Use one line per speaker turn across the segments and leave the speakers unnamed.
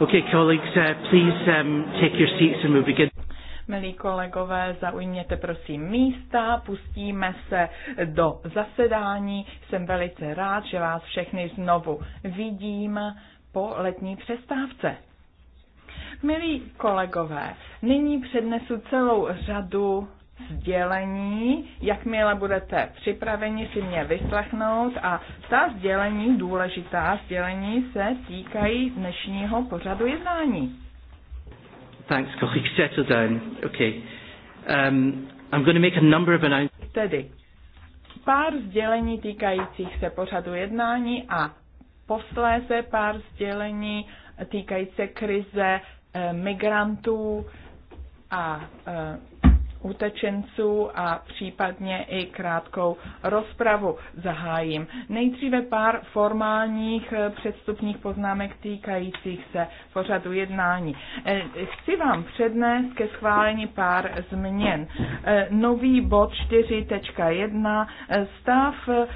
Okay, colleagues, uh, please um, take your seats and we'll begin.
Milí kolegové, zaujměte prosím místa, pustíme se do zasedání. Jsem velice rád, že vás všechny znovu vidím po letní přestávce. Milí kolegové, nyní přednesu celou řadu sdělení, jakmile budete připraveni si mě vyslechnout a ta sdělení, důležitá sdělení se týkají dnešního pořadu jednání.
Thanks, colleagues. Settle down. Okay. Um, I'm going to make a number of announcements.
Tedy pár sdělení týkajících se pořadu jednání a posléze pár sdělení týkající se krize eh, migrantů a eh, utečenců a případně i krátkou rozpravu zahájím. Nejdříve pár formálních eh, předstupních poznámek týkajících se pořadu jednání. Eh, chci vám přednést ke schválení pár změn. Eh, nový bod 4.1 stav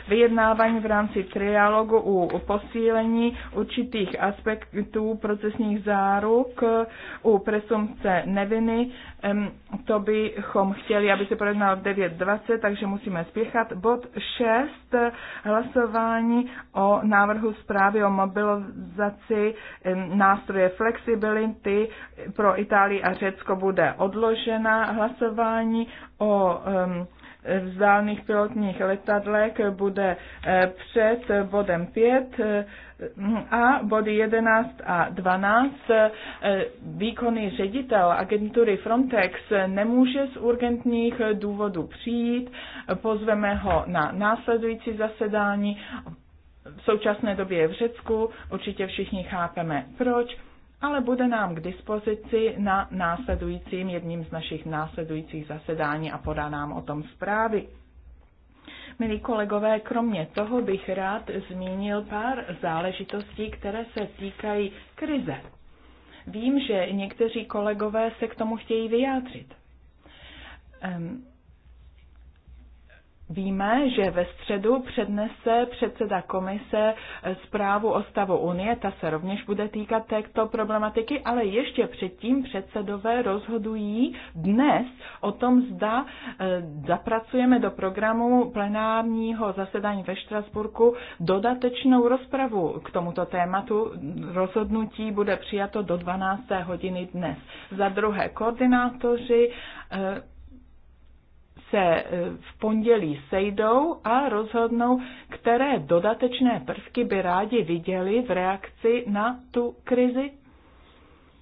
vyjednávání v rámci trialogu u posílení určitých aspektů procesních záruk u presumpce neviny. To bych bychom chtěli, aby se projednal v 9.20, takže musíme spěchat. Bod 6, hlasování o návrhu zprávy o mobilizaci nástroje flexibility pro Itálii a Řecko bude odložena. Hlasování o um, vzdálených pilotních letadlek bude eh, před bodem 5 eh, a body 11 a 12. Eh, výkonný ředitel agentury Frontex nemůže z urgentních důvodů přijít. Pozveme ho na následující zasedání. V současné době je v Řecku, určitě všichni chápeme proč ale bude nám k dispozici na následujícím, jedním z našich následujících zasedání a podá nám o tom zprávy. Milí kolegové, kromě toho bych rád zmínil pár záležitostí, které se týkají krize. Vím, že někteří kolegové se k tomu chtějí vyjádřit. Um, Víme, že ve středu přednese předseda komise zprávu o stavu Unie, ta se rovněž bude týkat této problematiky, ale ještě předtím předsedové rozhodují dnes o tom, zda e, zapracujeme do programu plenárního zasedání ve Štrasburku dodatečnou rozpravu k tomuto tématu. Rozhodnutí bude přijato do 12. hodiny dnes. Za druhé, koordinátoři e, se e, v pondělí sejdou a rozhodnou, které dodatečné prvky by rádi viděli v reakci na tu krizi,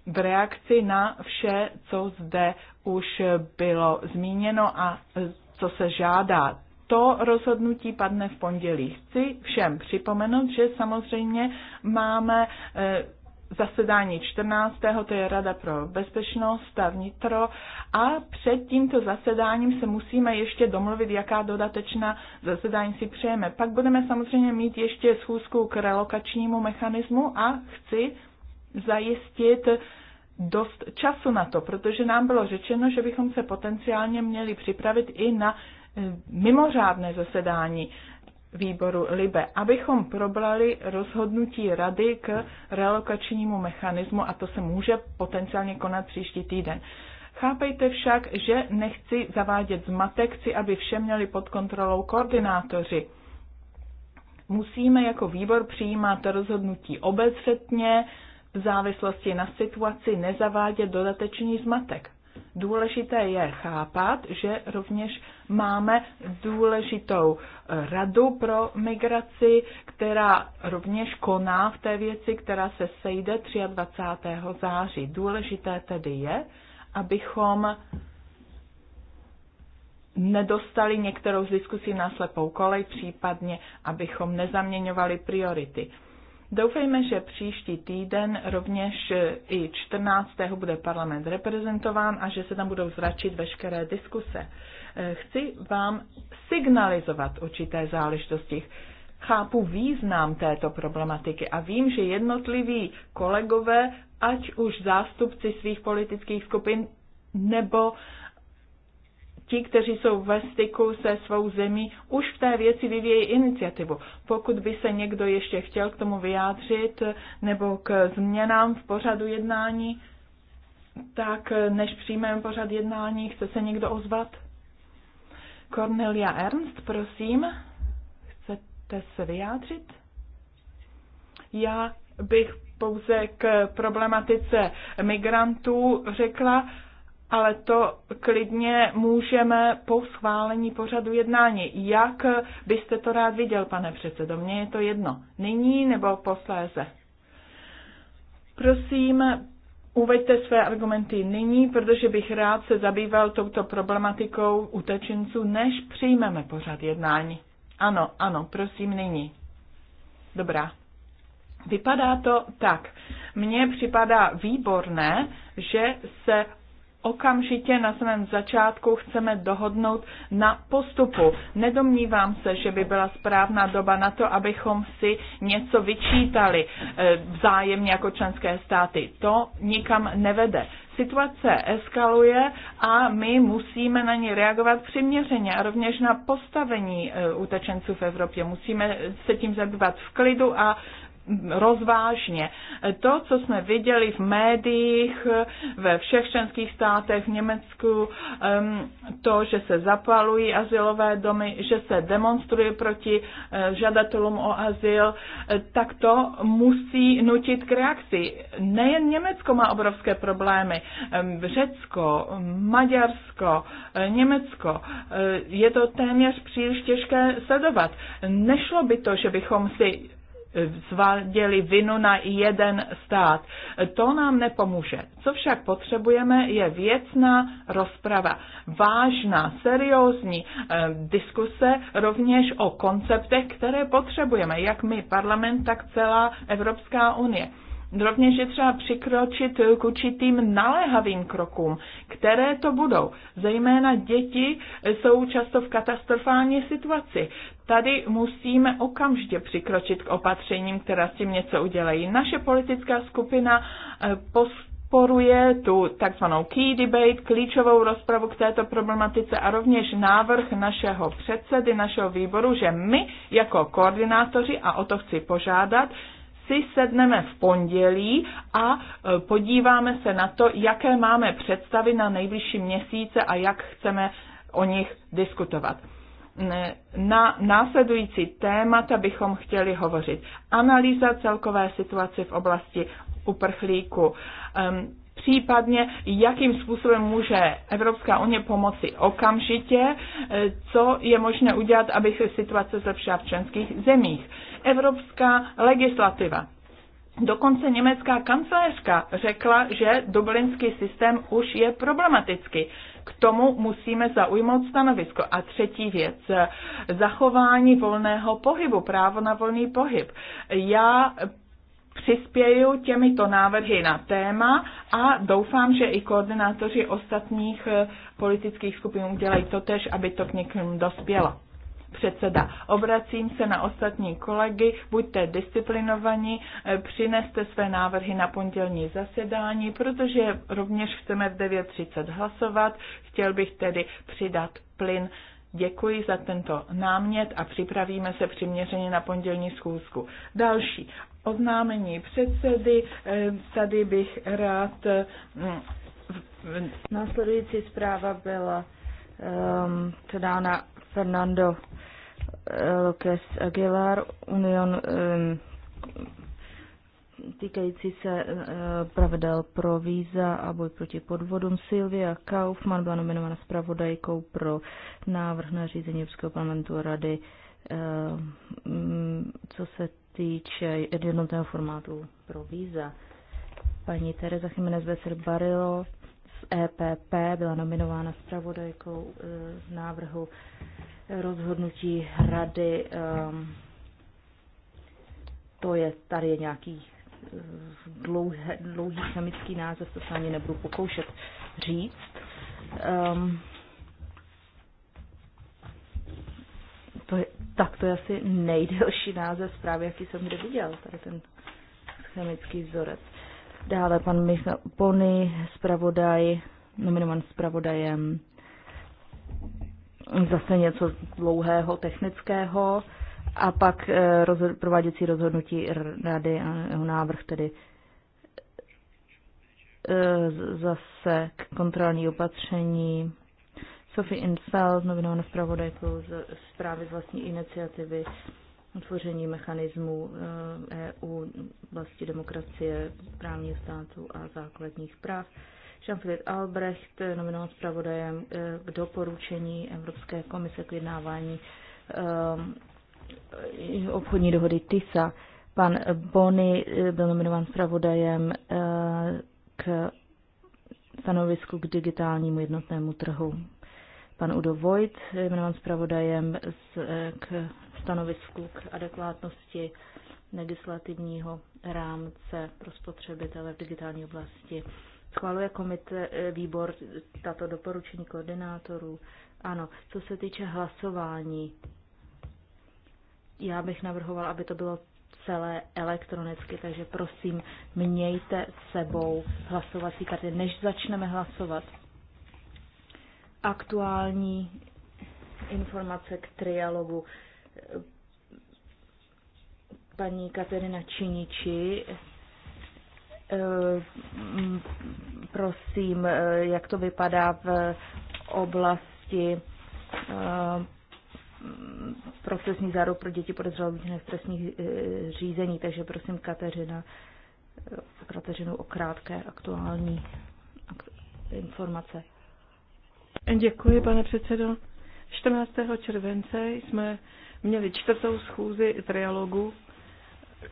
v reakci na vše, co zde už bylo zmíněno a e, co se žádá. To rozhodnutí padne v pondělí. Chci všem připomenout, že samozřejmě máme e, zasedání 14. to je Rada pro bezpečnost a vnitro a před tímto zasedáním se musíme ještě domluvit, jaká dodatečná zasedání si přejeme. Pak budeme samozřejmě mít ještě schůzku k relokačnímu mechanismu a chci zajistit dost času na to, protože nám bylo řečeno, že bychom se potenciálně měli připravit i na eh, mimořádné zasedání výboru LIBE, abychom probrali rozhodnutí rady k relokačnímu mechanismu a to se může potenciálně konat příští týden. Chápejte však, že nechci zavádět zmatek, chci, aby vše měli pod kontrolou koordinátoři. Musíme jako výbor přijímat rozhodnutí obezřetně, v závislosti na situaci nezavádět dodatečný zmatek. Důležité je chápat, že rovněž máme důležitou eh, radu pro migraci, která rovněž koná v té věci, která se sejde 23. září. Důležité tedy je, abychom nedostali některou z diskusí na slepou kolej, případně abychom nezaměňovali priority. Doufejme, že příští týden rovněž eh, i 14. bude parlament reprezentován a že se tam budou zračit veškeré diskuse. Eh, chci vám signalizovat určité záležitosti. Chápu význam této problematiky a vím, že jednotliví kolegové, ať už zástupci svých politických skupin nebo ti, kteří jsou ve styku se svou zemí, už v té věci vyvíjí iniciativu. Pokud by se někdo ještě chtěl k tomu vyjádřit eh, nebo k změnám v pořadu jednání, tak eh, než přijmeme pořad jednání, chce se někdo ozvat? Cornelia Ernst, prosím, chcete se vyjádřit? Já bych pouze k problematice migrantů řekla, ale to klidně můžeme po schválení pořadu jednání. Jak byste to rád viděl, pane předsedo? Mně je to jedno. Nyní nebo posléze? Prosím, Uveďte své argumenty nyní, protože bych rád se zabýval touto problematikou utečenců, než přijmeme pořad jednání. Ano, ano, prosím nyní. Dobrá. Vypadá to tak. Mně připadá výborné, že se okamžitě na svém začátku chceme dohodnout na postupu. Nedomnívám se, že by byla správná doba na to, abychom si něco vyčítali eh, vzájemně jako členské státy. To nikam nevede. Situace eskaluje a my musíme na ně reagovat přiměřeně a rovněž na postavení eh, utečenců v Evropě. Musíme se tím zabývat v klidu a rozvážně. To, co jsme viděli v médiích ve všech členských státech, v Německu, to, že se zapalují asilové domy, že se demonstruje proti eh, žadatelům o azyl, eh, tak to musí nutit k reakci. Nejen Německo má obrovské problémy. Řecko, Maďarsko, eh, Německo. Je to téměř příliš těžké sledovat. Nešlo by to, že bychom si svaděli vinu na jeden stát. To nám nepomůže. Co však potřebujeme, je věcná rozprava, vážná, seriózní eh, diskuse rovněž o konceptech, které potřebujeme, jak my, parlament, tak celá Evropská unie. Rovněž je třeba přikročit k určitým naléhavým krokům, které to budou. Zejména děti jsou často v katastrofální situaci. Tady musíme okamžitě přikročit k opatřením, která s tím něco udělají. Naše politická skupina eh, post poruje tu takzvanou key debate, klíčovou rozpravu k této problematice a rovněž návrh našeho předsedy, našeho výboru, že my jako koordinátoři, a o to chci požádat, si sedneme v pondělí a e, podíváme se na to, jaké máme představy na nejbližší měsíce a jak chceme o nich diskutovat. Na následující témata bychom chtěli hovořit. Analýza celkové situace v oblasti uprchlíku, případně jakým způsobem může Evropská unie pomoci okamžitě, e, co je možné udělat, aby se situace zlepšila v členských zemích. Evropská legislativa. Dokonce německá kancelářka řekla, že dublinský systém už je problematický. K tomu musíme zaujmout stanovisko. A třetí věc, zachování volného pohybu, právo na volný pohyb. Já přispěju těmito návrhy na téma a doufám, že i koordinátoři ostatních eh, politických skupin udělají to tež, aby to k někomu dospělo. Předseda, obracím se na ostatní kolegy, buďte disciplinovaní, eh, přineste své návrhy na pondělní zasedání, protože rovněž chceme v 9.30 hlasovat. Chtěl bych tedy přidat plyn Děkuji za tento námět a připravíme se přiměřeně na pondělní schůzku. Další oznámení předsedy. Eh, tady bych rád. Eh, následující
zpráva byla um, předána Fernando eh, López Aguilar, Union um, týkající se uh, pravidel pro víza a boj proti podvodům. Silvia Kaufmann byla nominována zpravodajkou pro návrh na řízení Evropského parlamentu a rady, uh, um, co se týče jednotného formátu pro víza. Paní Teresa Jiménez Becer Barilo z EPP byla nominována zpravodajkou z eh, návrhu rozhodnutí rady. Ehm, to je, tady je nějaký eh, dlouhé, dlouhý chemický název, to se ani nebudu pokoušet říct. Um, to je tak to je asi nejdelší název zprávy, jaký jsem kdy viděl, tady ten chemický vzorec. Dále pan Michal Pony, zpravodaj, nominovan zpravodajem. Zase něco dlouhého, technického. A pak eh, roz, prováděcí rozhodnutí rady a jeho návrh tedy eh, zase k kontrolní opatření Sophie Infeld, novinovanou zpravodajkou zprávy z vlastní iniciativy utvoření mechanismů EU eh, e vlasti demokracie, právního státu a základních práv. Jean-Philippe Albrecht, eh, nominován zpravodajem eh, k doporučení Evropské komise k jednávání obchodní dohody TISA. Pan Bony byl nominován zpravodajem k stanovisku k digitálnímu jednotnému trhu pan Udo Vojt, jmenován zpravodajem z, k stanovisku k adekvátnosti legislativního rámce pro spotřebitele v digitální oblasti. Schváluje komite, výbor tato doporučení koordinátorů? Ano. Co se týče hlasování, já bych navrhoval, aby to bylo celé elektronicky, takže prosím, mějte sebou hlasovací karty, než začneme hlasovat aktuální informace k trialogu. Paní Katerina Činiči, eh, prosím, eh, jak to vypadá v oblasti eh, procesní záruk pro děti podezřelé z trestních řízení. Takže prosím Kateřina,
Kateřinu o krátké aktuální informace. Děkuji, pane předsedo. 14. července jsme měli čtvrtou schůzi trialogu,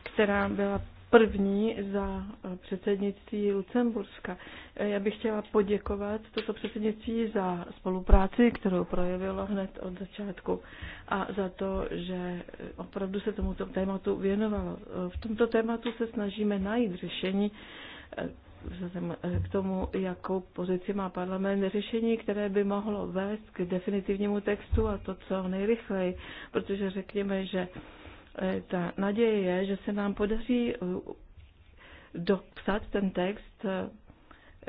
která byla první za předsednictví Lucemburska. Já bych chtěla poděkovat toto předsednictví za spolupráci, kterou projevilo hned od začátku a za to, že opravdu se tomuto tématu věnovalo. V tomto tématu se snažíme najít řešení, Eh, k tomu, jakou pozici má parlament, řešení, které by mohlo vést k definitivnímu textu a to co nejrychleji, protože řekněme, že eh, ta naděje je, že se nám podaří eh, dopsat ten text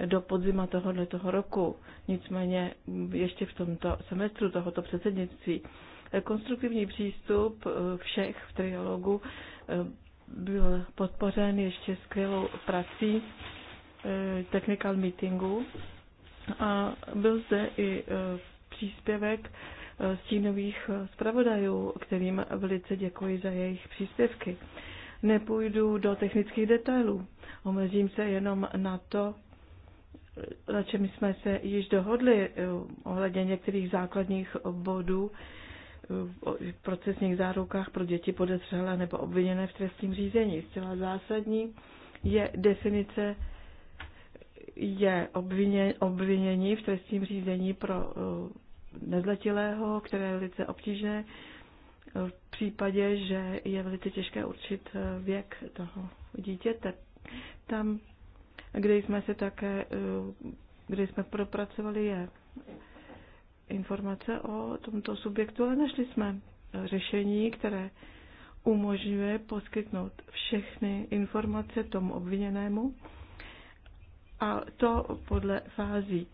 do podzima tohoto toho roku. Nicméně mm, ještě v tomto semestru tohoto předsednictví. Konstruktivní přístup všech v triologu byl podpořen ještě skvělou prací Eh, technical meetingu a byl zde i eh, příspěvek eh, stínových zpravodajů, kterým velice děkuji za jejich příspěvky. Nepůjdu do technických detailů, omezím se jenom na to, na čem jsme se již dohodli ohledně některých základních bodů v procesních zárukách pro děti podezřelé nebo obviněné v trestním řízení. Zcela zásadní je definice je obvině, obvinění v trestním řízení pro uh, nezletilého, které je velice obtížné uh, v případě, že je velice těžké určit uh, věk toho dítěte. Tam, kde jsme se také, kde jsme propracovali, je informace o tomto subjektu, ale našli jsme řešení, které umožňuje poskytnout všechny informace tomu obviněnému a to podle fází,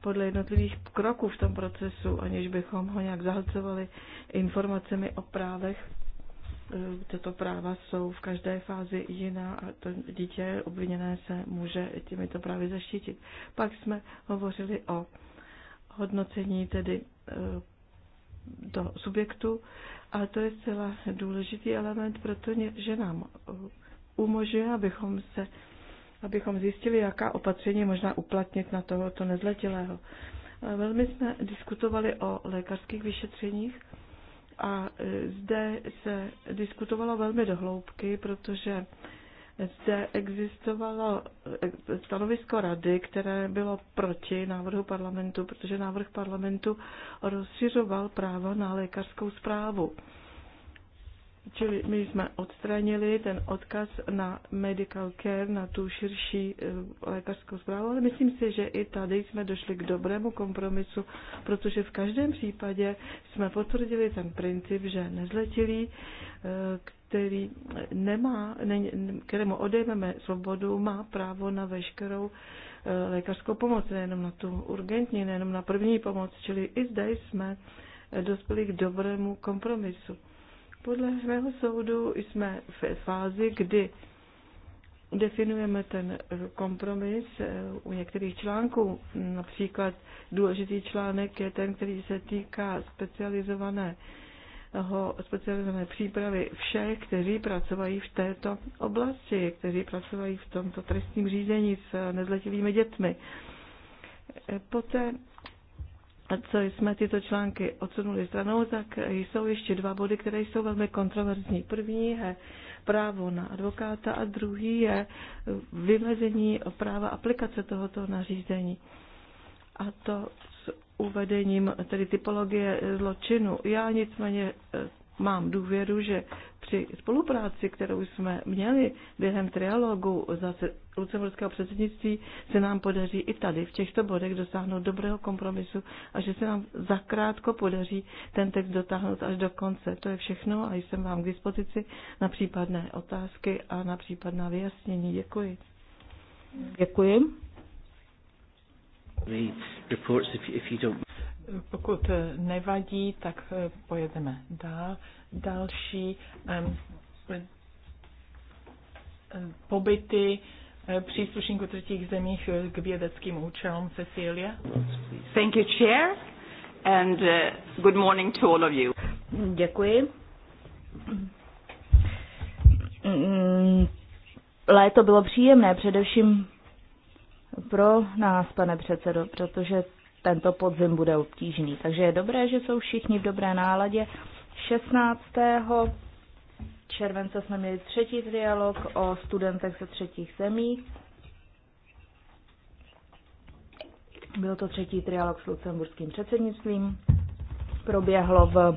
podle jednotlivých kroků v tom procesu, aniž bychom ho nějak zahlcovali informacemi o právech. E, tato práva jsou v každé fázi jiná a to dítě obviněné se může těmito právy zaštítit. Pak jsme hovořili o hodnocení tedy do e, subjektu a to je zcela důležitý element, protože nám e, umožňuje, abychom se abychom zjistili, jaká opatření možná uplatnit na tohoto nezletilého. Eh, velmi jsme diskutovali o lékařských vyšetřeních a eh, zde se diskutovalo velmi dohloubky, protože zde existovalo eh, stanovisko rady, které bylo proti návrhu parlamentu, protože návrh parlamentu rozšiřoval práva na lékařskou zprávu. Čili my jsme odstranili ten odkaz na medical care, na tu širší eh, lékařskou zprávu, ale myslím si, že i tady jsme došli k dobrému kompromisu, protože v každém případě jsme potvrdili ten princip, že nezletilý, eh, který nemá, kterému odejmeme svobodu, má právo na veškerou eh, lékařskou pomoc, nejenom na tu urgentní, nejenom na první pomoc, čili i zde jsme dospěli k dobrému kompromisu. Podle mého soudu jsme v fázi, kdy definujeme ten kompromis eh, u některých článků. Například důležitý článek je ten, který se týká specializované specializované přípravy všech, kteří pracují v této oblasti, kteří pracují v tomto trestním řízení s nezletilými dětmi. Eh, poté co jsme tyto články odsunuli stranou, tak jsou ještě dva body, které jsou velmi kontroverzní. První je právo na advokáta a druhý je vymezení práva aplikace tohoto nařízení. A to s uvedením tedy typologie zločinu. Já nicméně eh, mám důvěru, že při spolupráci, kterou jsme měli během trialogu za lucemburského předsednictví, se nám podaří i tady v těchto bodech dosáhnout dobrého kompromisu a že se nám zakrátko podaří ten text dotáhnout až do konce. To je všechno a jsem vám k dispozici na případné otázky a na případná vyjasnění. Děkuji.
Děkuji. Pokud nevadí, tak eh, pojedeme dál. Další pobyty eh, příslušníků třetích zemích eh, k vědeckým účelům. Cecilia.
Thank you, Chair, and good morning to all of you. Děkuji. Mm, léto bylo příjemné, především pro nás, pane předsedo, protože tento podzim bude obtížný. Takže je dobré, že jsou všichni v dobré náladě. 16. července jsme měli třetí dialog o studentech ze třetích zemí. Byl to třetí trialog s lucemburským předsednictvím. Proběhlo v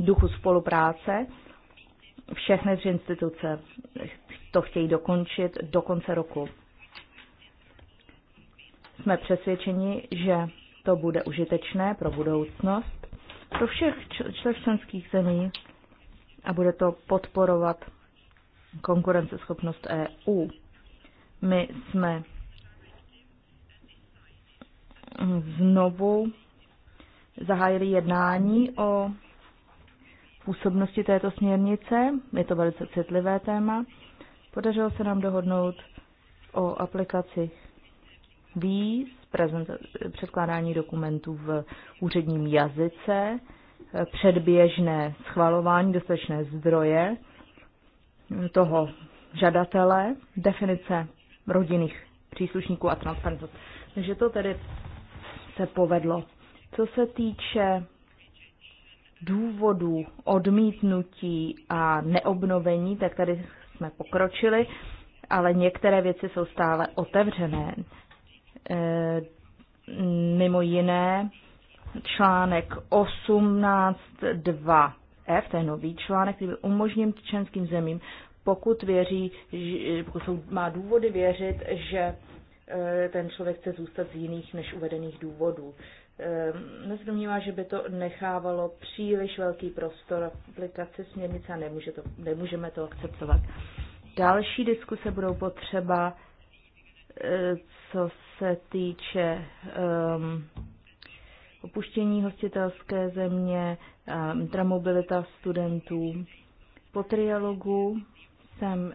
duchu spolupráce. Všechny tři instituce to chtějí dokončit do konce roku. Jsme přesvědčeni, že to bude užitečné pro budoucnost, pro všech členských zemí a bude to podporovat konkurenceschopnost EU. My jsme znovu zahájili jednání o působnosti této směrnice. Je to velice citlivé téma. Podařilo se nám dohodnout o aplikaci víz, předkládání dokumentů v úředním jazyce, předběžné schvalování, dostatečné zdroje toho žadatele, definice rodinných příslušníků a transparentnost. Takže to tedy se povedlo. Co se týče důvodů odmítnutí a neobnovení, tak tady jsme pokročili, ale některé věci jsou stále otevřené. Eh, mimo jiné článek 18.2 F, to je nový článek, který byl umožněn členským zemím, pokud věří, pokud jsou, má důvody věřit, že eh, ten člověk chce zůstat z jiných než uvedených důvodů. Eh, nezdomnívá, že by to nechávalo příliš velký prostor aplikaci směrnice a nemůže to, nemůžeme to akceptovat. Další diskuse budou potřeba co se týče um, opuštění hostitelské země, intramobilita studentů. Po trialogu jsem um,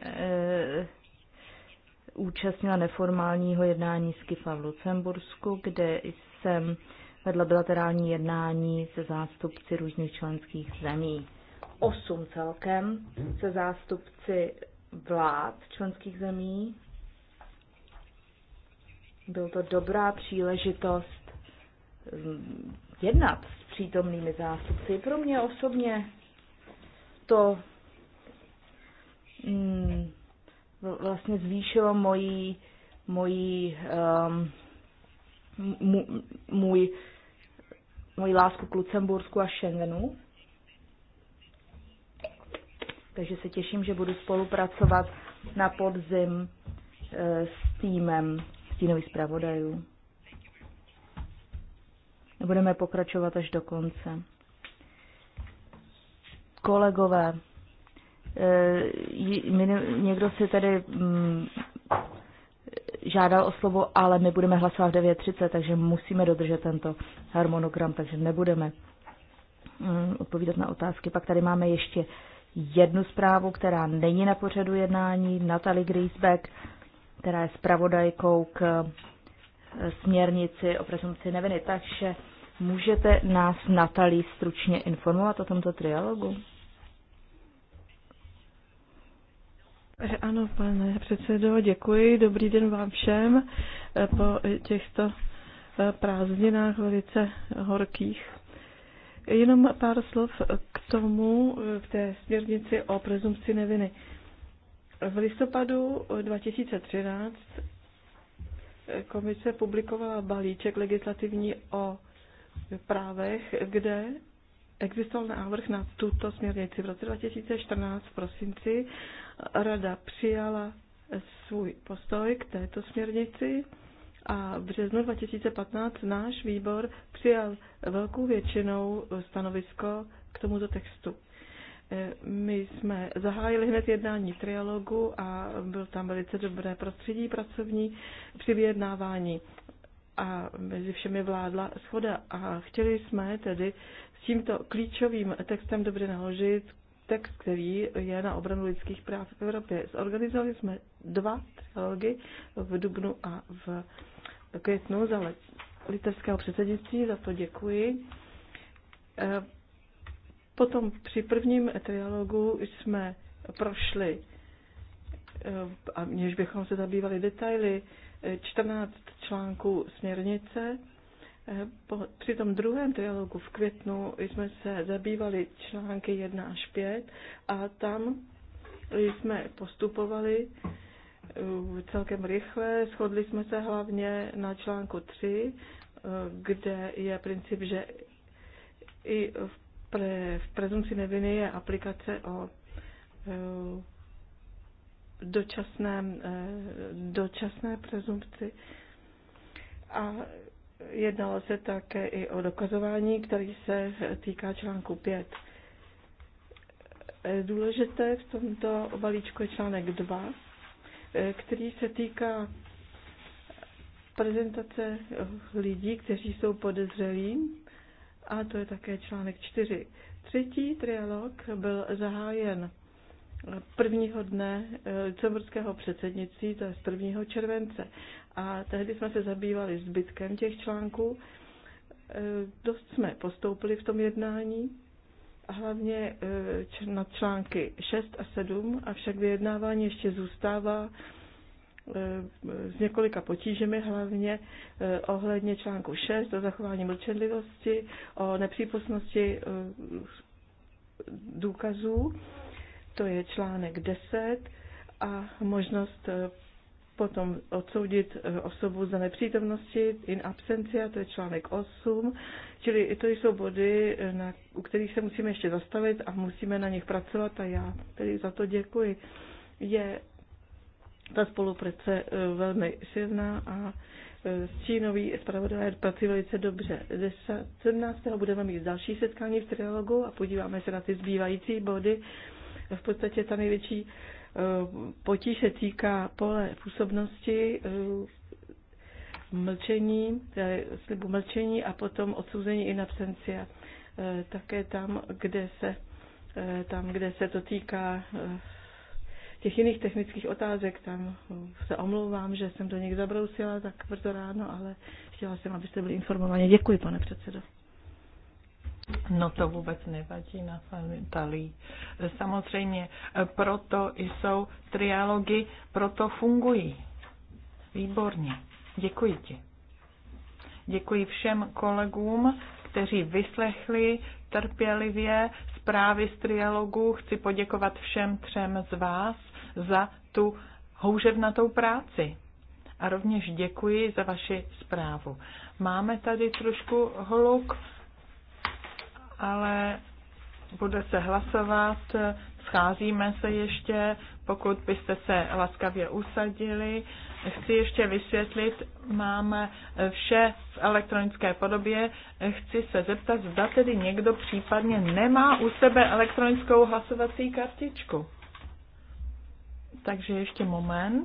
účastnila neformálního jednání s KIFA v Lucembursku, kde jsem vedla bilaterální jednání se zástupci různých členských zemí. Osm celkem se zástupci vlád členských zemí byl to dobrá příležitost mm, jednat s přítomnými zástupci. Pro mě osobně to mm, vlastně zvýšilo mojí, mojí um, můj, moji lásku k Lucembursku a Schengenu. Takže se těším, že budu spolupracovat na podzim eh, s týmem stínových zpravodajů. Budeme pokračovat až do konce. Kolegové, eh, někdo si tady mm, žádal o slovo, ale my budeme hlasovat v 9.30, takže musíme dodržet tento harmonogram, takže nebudeme mm, odpovídat na otázky. Pak tady máme ještě jednu zprávu, která není na pořadu jednání. Natalie Griesbeck, která je spravodajkou k eh, směrnici o presumci neviny. Takže můžete nás, Natalí, stručně informovat o tomto trialogu?
Ano, pane předsedo, děkuji. Dobrý den vám všem eh, po těchto eh, prázdninách velice horkých. Jenom pár slov k tomu, k té směrnici o prezumci neviny. V listopadu 2013 komise publikovala balíček legislativní o právech, kde existoval návrh na tuto směrnici. V roce 2014 v prosinci rada přijala svůj postoj k této směrnici a v březnu 2015 náš výbor přijal velkou většinou stanovisko k tomuto textu. My jsme zahájili hned jednání trialogu a byl tam velice dobré prostředí pracovní při vyjednávání a mezi všemi vládla schoda. A chtěli jsme tedy s tímto klíčovým textem dobře naložit text, který je na obranu lidských práv v Evropě. Zorganizovali jsme dva trialogy v Dubnu a v květnu za litevského předsednictví, za to děkuji. Potom při prvním trialogu jsme prošli, eh, a měž bychom se zabývali detaily, 14 eh, článků směrnice. Eh, při tom druhém trialogu v květnu jsme se zabývali články 1 až 5 a tam jsme postupovali celkem rychle. Shodli jsme se hlavně na článku 3, kde je princip, že i v pre, v prezumci neviny je aplikace o e, dočasné, e, dočasné prezumci. a jednalo se také i o dokazování, který se týká článku 5. E, důležité v tomto balíčku je článek 2, který se týká prezentace lidí, kteří jsou podezřelí a to je také článek 4. Třetí trialog byl zahájen prvního dne eh, lucemburského předsednictví, to je z 1. července. A tehdy jsme se zabývali zbytkem těch článků. Eh, dost jsme postoupili v tom jednání, a hlavně eh, na články 6 a 7, avšak vyjednávání ještě zůstává Eh, s několika potížemi, hlavně eh, ohledně článku 6 o zachování mlčenlivosti, o nepřípustnosti eh, důkazů, to je článek 10, a možnost potom odsoudit osobu za nepřítomnosti in absentia, to je článek 8, čili to jsou body, na, u kterých se musíme ještě zastavit a musíme na nich pracovat a já tedy za to děkuji. Je ta spolupráce eh, velmi silná a eh, s Čínový zpravodaj pracují velice dobře. Ze 17. budeme mít další setkání v trialogu a podíváme se na ty zbývající body. V podstatě ta největší eh, potíž se týká pole působnosti, mlčení, slibu mlčení a potom odsouzení in absencia. Také tam, kde se, tam, kde se to týká těch jiných technických otázek, tam se omlouvám, že jsem do nich zabrousila tak brzo ráno, ale chtěla jsem, abyste byli informovaní. Děkuji, pane předsedo.
No to vůbec nevadí na Talí. Samozřejmě, proto jsou triálogy, proto fungují. Výborně. Děkuji ti. Děkuji všem kolegům, kteří vyslechli trpělivě zprávy z trialogu. Chci poděkovat všem třem z vás za tu houževnatou práci. A rovněž děkuji za vaši zprávu. Máme tady trošku hluk, ale bude se hlasovat scházíme se ještě, pokud byste se laskavě usadili. Chci ještě vysvětlit, máme vše v elektronické podobě. Chci se zeptat, zda tedy někdo případně nemá u sebe elektronickou hlasovací kartičku. Takže ještě moment.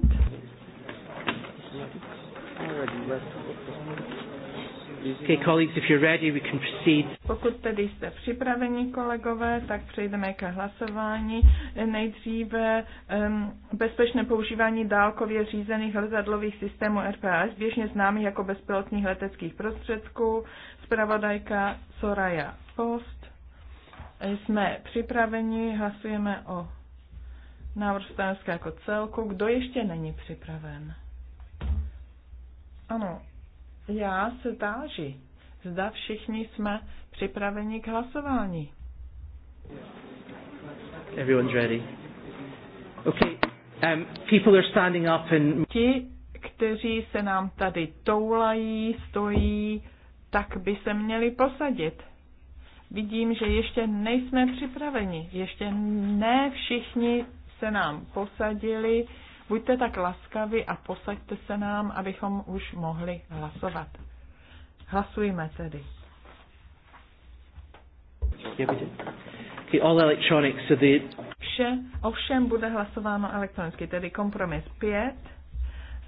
Okay, colleagues, if you're
ready, we can proceed.
Pokud tedy jste připraveni, kolegové, tak přejdeme ke hlasování. Nejdříve um, bezpečné používání dálkově řízených letadlových systémů RPS, běžně známých jako bezpilotních leteckých prostředků, zpravodajka Soraya Post. Jsme připraveni, hlasujeme o návrh stanovské jako celku. Kdo ještě není připraven? Ano, já se táži, zda všichni jsme připraveni k hlasování. Everyone's ready. Okay. Um, people are standing up and... Ti, kteří se nám tady toulají, stojí, tak by se měli posadit. Vidím, že ještě nejsme připraveni, ještě ne všichni se nám posadili Buďte tak laskavi a posaďte se nám, abychom už mohli hlasovat. Hlasujeme tedy. Vše, ovšem bude hlasováno elektronicky, tedy kompromis 5.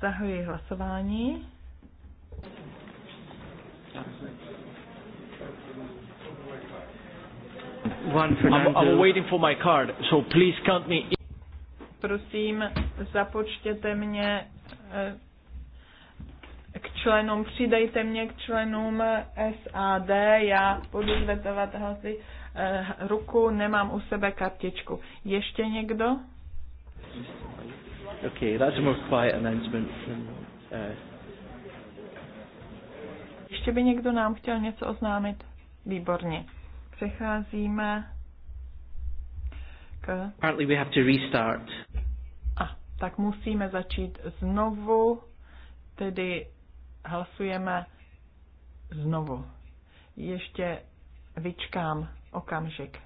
Zahajuji hlasování. One for I'm, I'm waiting for my card,
so please count me
prosím, započtěte mě eh, k členům, přidejte mě k členům SAD, já budu zvetovat hlasy eh, ruku, nemám u sebe kartičku. Ještě někdo?
Okay, that's a more quiet announcement Than, uh...
Ještě by někdo nám chtěl něco oznámit? Výborně. Přecházíme k... Apparently
we have to restart
tak musíme začít znovu, tedy hlasujeme znovu. Ještě vyčkám okamžik.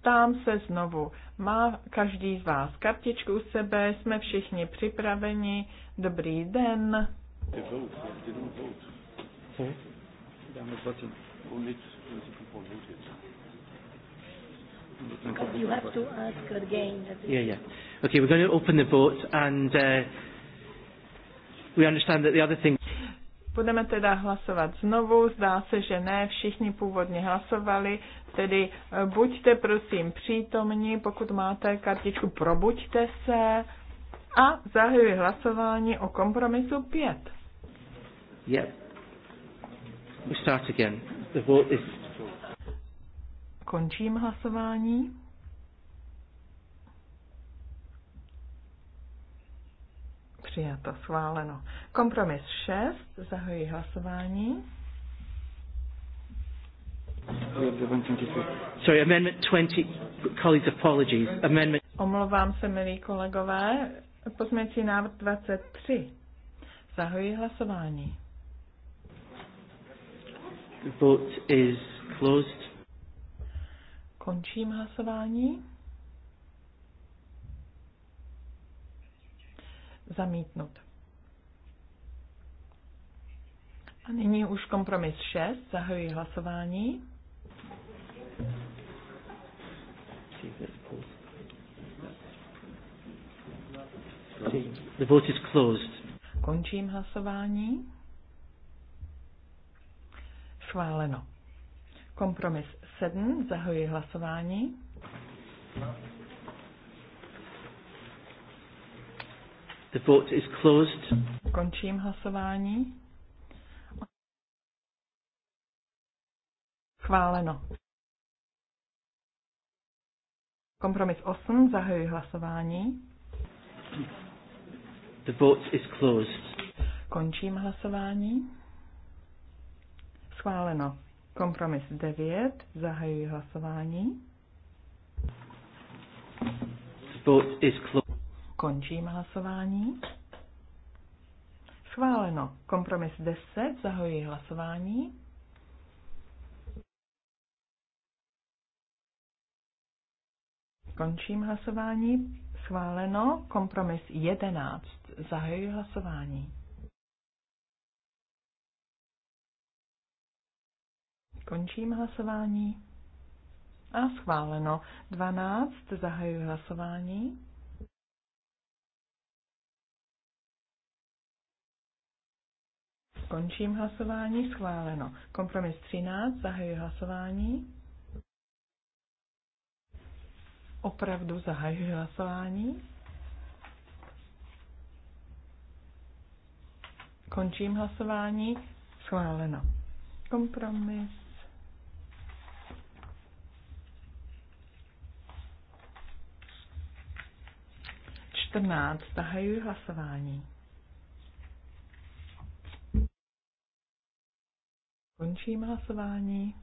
Ptám se znovu, má každý z vás kartičku u sebe, jsme všichni připraveni, dobrý den. Hmm? you have to ask again. Yeah,
yeah. Okay, we're going to open the vote and uh, we understand that the other thing...
Budeme teda hlasovat znovu, zdá se, že ne, všichni původně hlasovali, tedy eh, buďte prosím přítomní, pokud máte kartičku, probuďte se a zahajuji hlasování o kompromisu 5.
Yeah. We start again. The vote is...
Končím hlasování. Přijato, schváleno. Kompromis 6, zahojí hlasování.
Sorry, amendment 20, colleagues, apologies. Amendment...
Omlouvám se, milí kolegové. Pozměňující návrh 23. Zahojí hlasování.
The vote is closed.
Končím hlasování. zamítnut. A nyní už kompromis 6, zahajuji hlasování.
The vote is closed.
Končím hlasování. Schváleno. Kompromis 7, zahajuji hlasování.
The vote is closed.
Končím hlasování. Chváleno. Kompromis 8, zahajuji hlasování.
The vote is closed.
Končím hlasování. Schváleno. Kompromis 9, zahajuji hlasování.
The vote is closed.
Končím hlasování. Schváleno. Kompromis 10. Zahoji hlasování. Končím hlasování. Schváleno. Kompromis 11. Zahajuji hlasování. Končím hlasování. A schváleno. 12. Zahajuji hlasování. Končím hlasování. Schváleno. Kompromis 13. Zahajuji hlasování. Opravdu zahajuji hlasování. Končím hlasování. Schváleno. Kompromis. Čtrnáct. Zahajuji hlasování. Končím hlasování.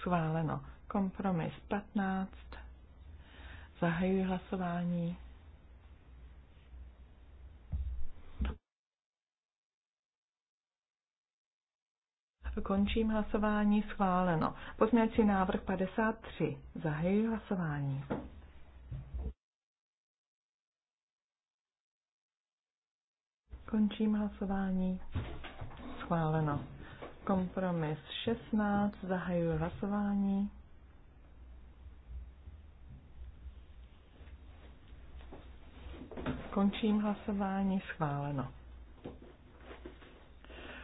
Schváleno. Kompromis 15. Zahajuji hlasování. Končím hlasování schváleno. Pozměňovací návrh 53. Zahajuji hlasování. Končím hlasování. Schváleno. Kompromis 16, zahajuji hlasování. Končím hlasování, schváleno.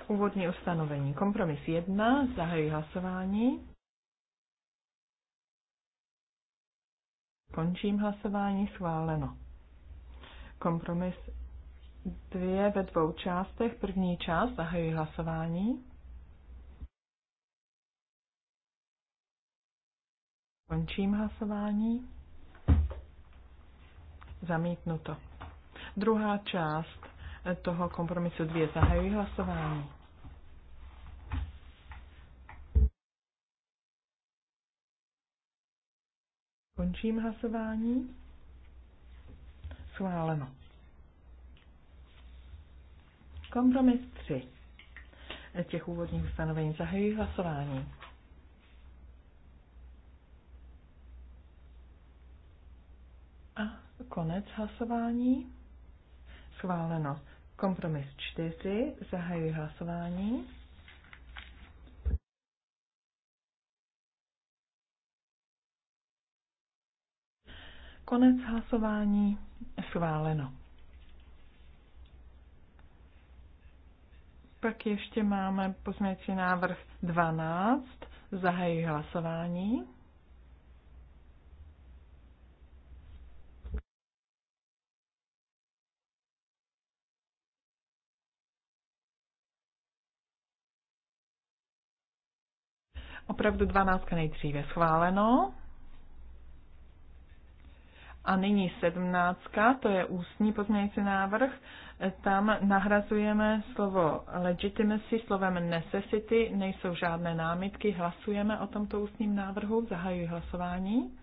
Úvodní ustanovení. Kompromis 1, zahajuji hlasování. Končím hlasování, schváleno. Kompromis dvě ve dvou částech. První část zahajuji hlasování. Končím hlasování. Zamítnuto. Druhá část toho kompromisu dvě zahajují hlasování. Končím hlasování. Schváleno. Kompromis 3. Těch úvodních ustanovení zahajují hlasování. Konec hlasování. Schváleno. Kompromis 4. Zahajuji hlasování. Konec hlasování. Schváleno. Pak ještě máme pozměnící návrh 12. Zahajuji hlasování. Opravdu dvanáctka nejdříve schváleno. A nyní sedmnáctka, to je ústní pozměňující návrh. Tam nahrazujeme slovo legitimacy slovem necessity, nejsou žádné námitky, hlasujeme o tomto ústním návrhu, zahajuji hlasování.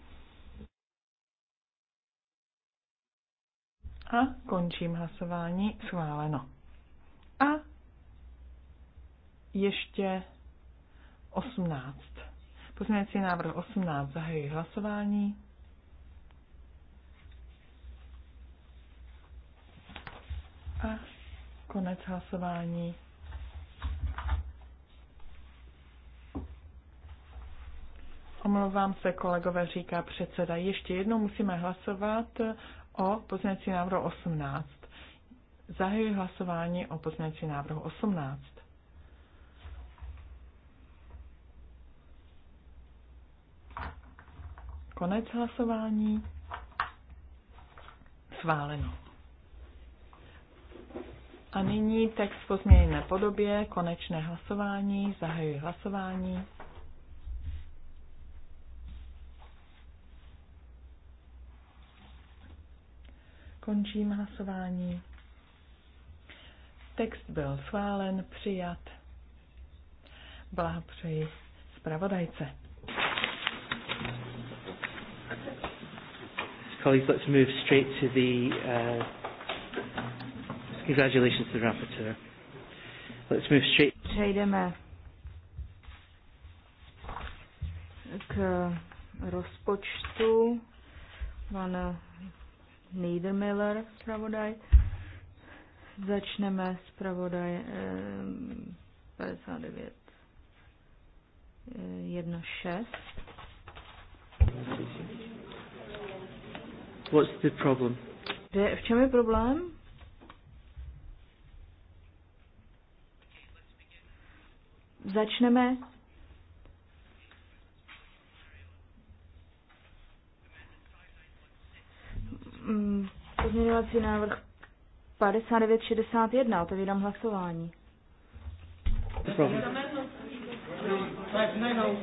A končím hlasování, schváleno. A ještě 18. Pozměňovací návrh 18. Zahajuji hlasování. A konec hlasování. Omlouvám se, kolegové, říká předseda. Ještě jednou musíme hlasovat o pozměňovací návrhu 18. Zahajuji hlasování o pozměňovací návrhu 18. Konec hlasování. Schváleno. A nyní text v pozměněné podobě, konečné hlasování, zahajuji hlasování. Končím hlasování. Text byl schválen, přijat. Blahopřeji zpravodajce.
Colleagues, let's move straight to the uh, congratulations to the rapporteur. Let's move straight. Přejdeme
k rozpočtu pana Niedermiller, zpravodaj. Začneme s eh, 59 eh, 1.6.
What's the problem?
Kde, v čem je problém? Začneme mm, pozměňovací návrh 5961. Otevírám hlasování.
Problem. No,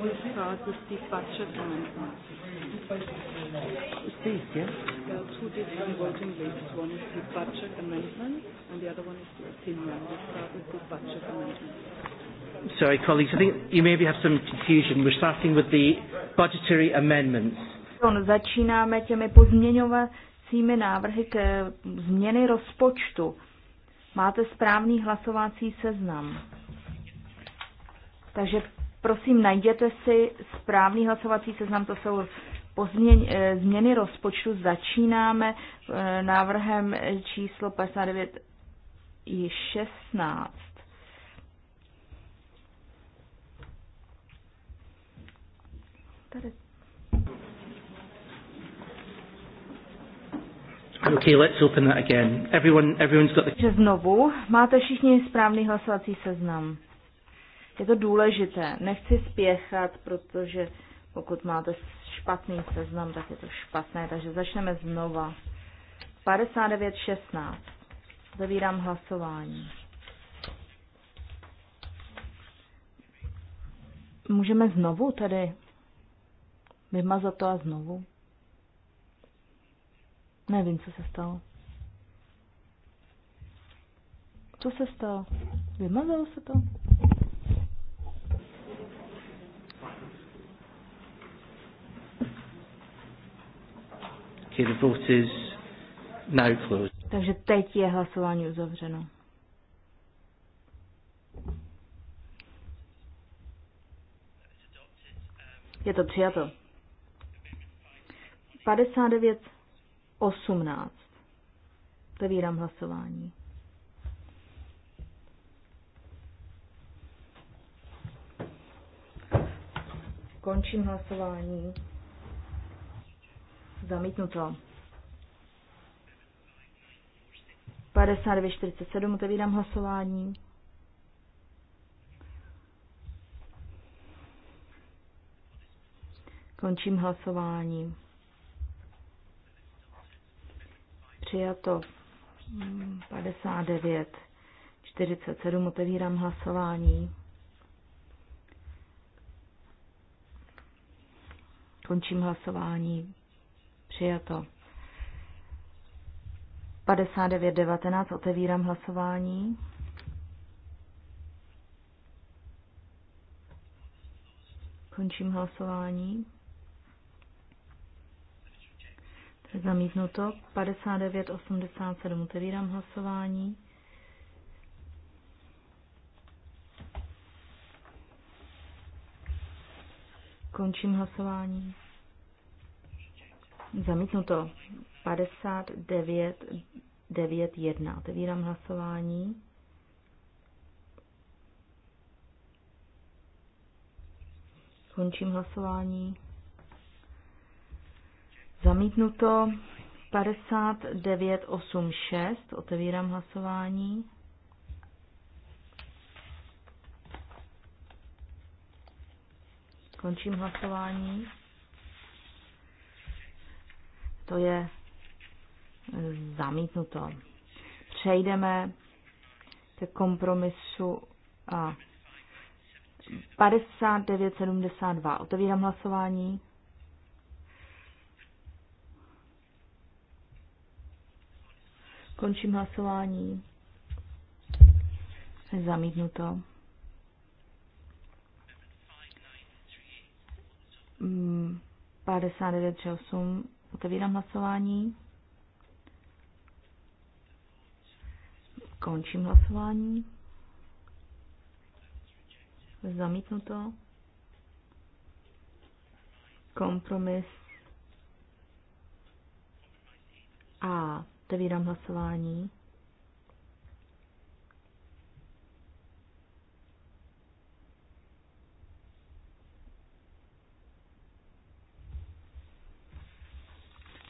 States, yeah? There are two different voting lists. One is the budget amendment, and the other one is the start with the budget amendment.
Sorry, colleagues, I think you maybe have some confusion. We're starting with the budgetary amendments.
Začínáme těmi pozměňovacími návrhy k změny rozpočtu. Máte správný hlasovací seznam. Takže prosím, najděte si správný hlasovací seznam, to jsou pozměň, eh, změny rozpočtu začínáme eh, návrhem číslo 59 i 16. Tady.
Okay, let's open that again. Everyone, everyone's got the... Znovu
máte všichni správný hlasovací seznam. Je to důležité. Nechci spěchat, protože pokud máte špatný seznam, tak je to špatné. Takže začneme znova. 59.16. Zavírám hlasování. Můžeme znovu tady vymazat to a znovu? Nevím, co se stalo. Co se stalo? Vymazalo se to?
Okay, the vote is now closed. Takže
teď je hlasování uzavřeno. Je to přijato. To Otevírám hlasování. Končím hlasování. Zamítnuto. 52.47 otevírám hlasování. Končím hlasování. Přijato 59. 47 otevírám hlasování. Končím hlasování. Přijato. 59.19. Otevírám hlasování. Končím hlasování. to. Zamítnuto. 59.87. Otevírám hlasování. Končím hlasování. Zamítnuto. 59.9.1. Otevírám hlasování. Končím hlasování. Zamítnuto 5986. Otevírám hlasování. Končím hlasování to je eh, zamítnuto. Přejdeme ke kompromisu a 59.72. Otevírám hlasování. Končím hlasování. Zamítnuto. Mm, 59.38 Otevírám hlasování. Končím hlasování. Zamítnuto. Kompromis. A otevírám hlasování.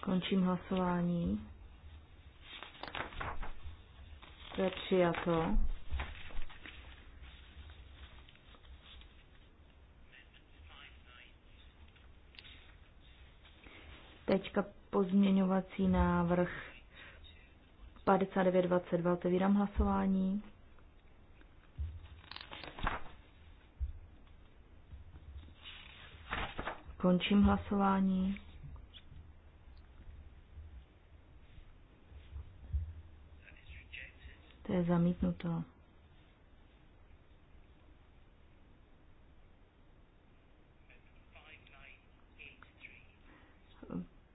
Končím hlasování. To je přijato. Teďka pozměňovací návrh 5922. Otevírám hlasování. Končím hlasování. To je zamítnuto.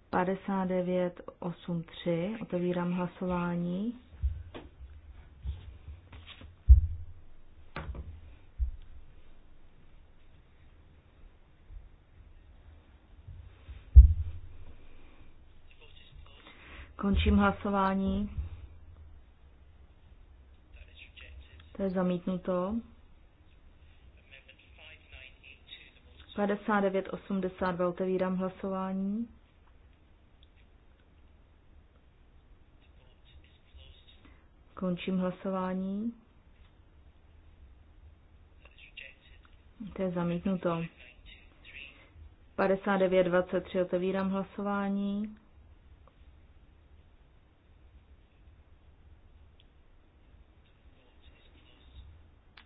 Padesát devět osm tři. Otevírám hlasování. Končím hlasování. To je zamítnuto. 59.82 otevírám hlasování. Končím hlasování. To je zamítnuto. 59.23 otevírám hlasování.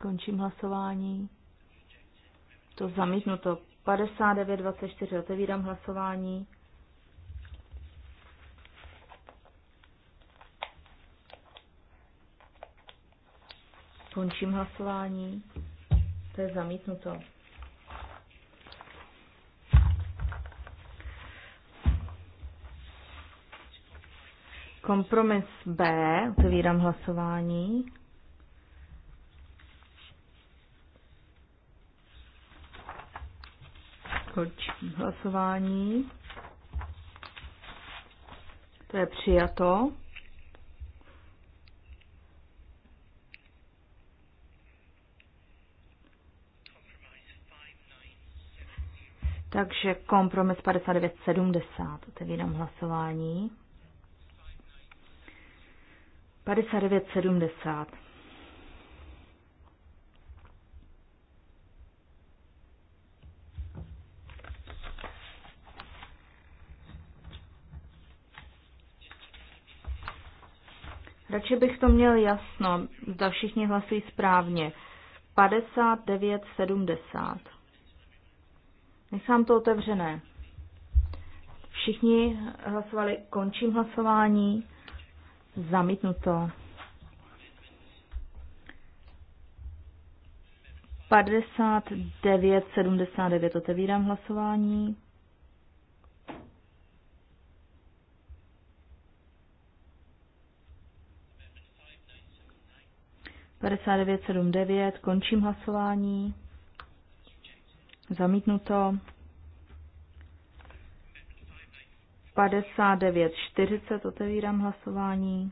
Končím hlasování. To zamítnuto. 59.24. Otevírám hlasování. Končím hlasování. To je zamítnuto. Kompromis B. Otevírám hlasování. Končím hlasování. To je přijato. Takže kompromis 5970. Otevírám hlasování. 5970. Radši bych to měl jasno, zda všichni hlasují správně. 59,70. Nechám to otevřené. Všichni hlasovali, končím hlasování, zamítnuto. 59,79 otevírám hlasování. 59.79. Končím hlasování. Zamítnuto. 59.40. Otevírám hlasování.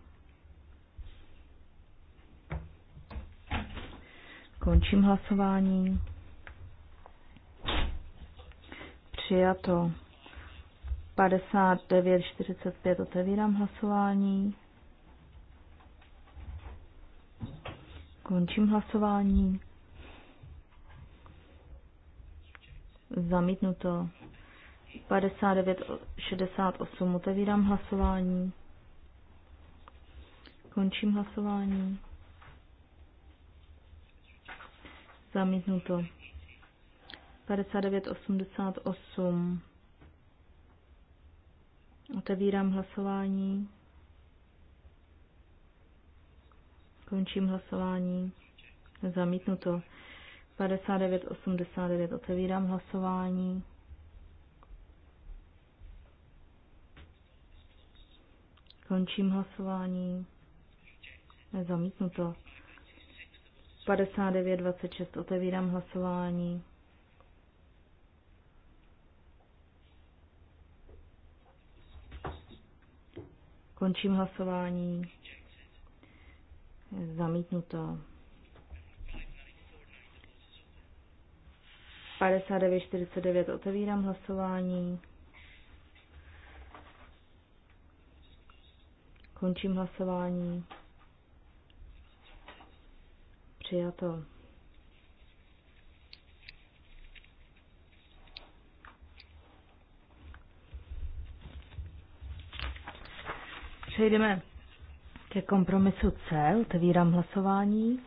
Končím hlasování. Přijato. 59.45. Otevírám hlasování. Končím hlasování. Zamítnuto. 59.68 otevírám hlasování. Končím hlasování. Zamítnuto. 59.88 otevírám hlasování. Končím hlasování. Zamítnuto. 59.89. Otevírám hlasování. Končím hlasování. Zamítnuto. 59.26. Otevírám hlasování. Končím hlasování. Zamítnuto. 59.49 otevírám hlasování. Končím hlasování. Přijato. Přejdeme ke kompromisu C otevírám hlasování.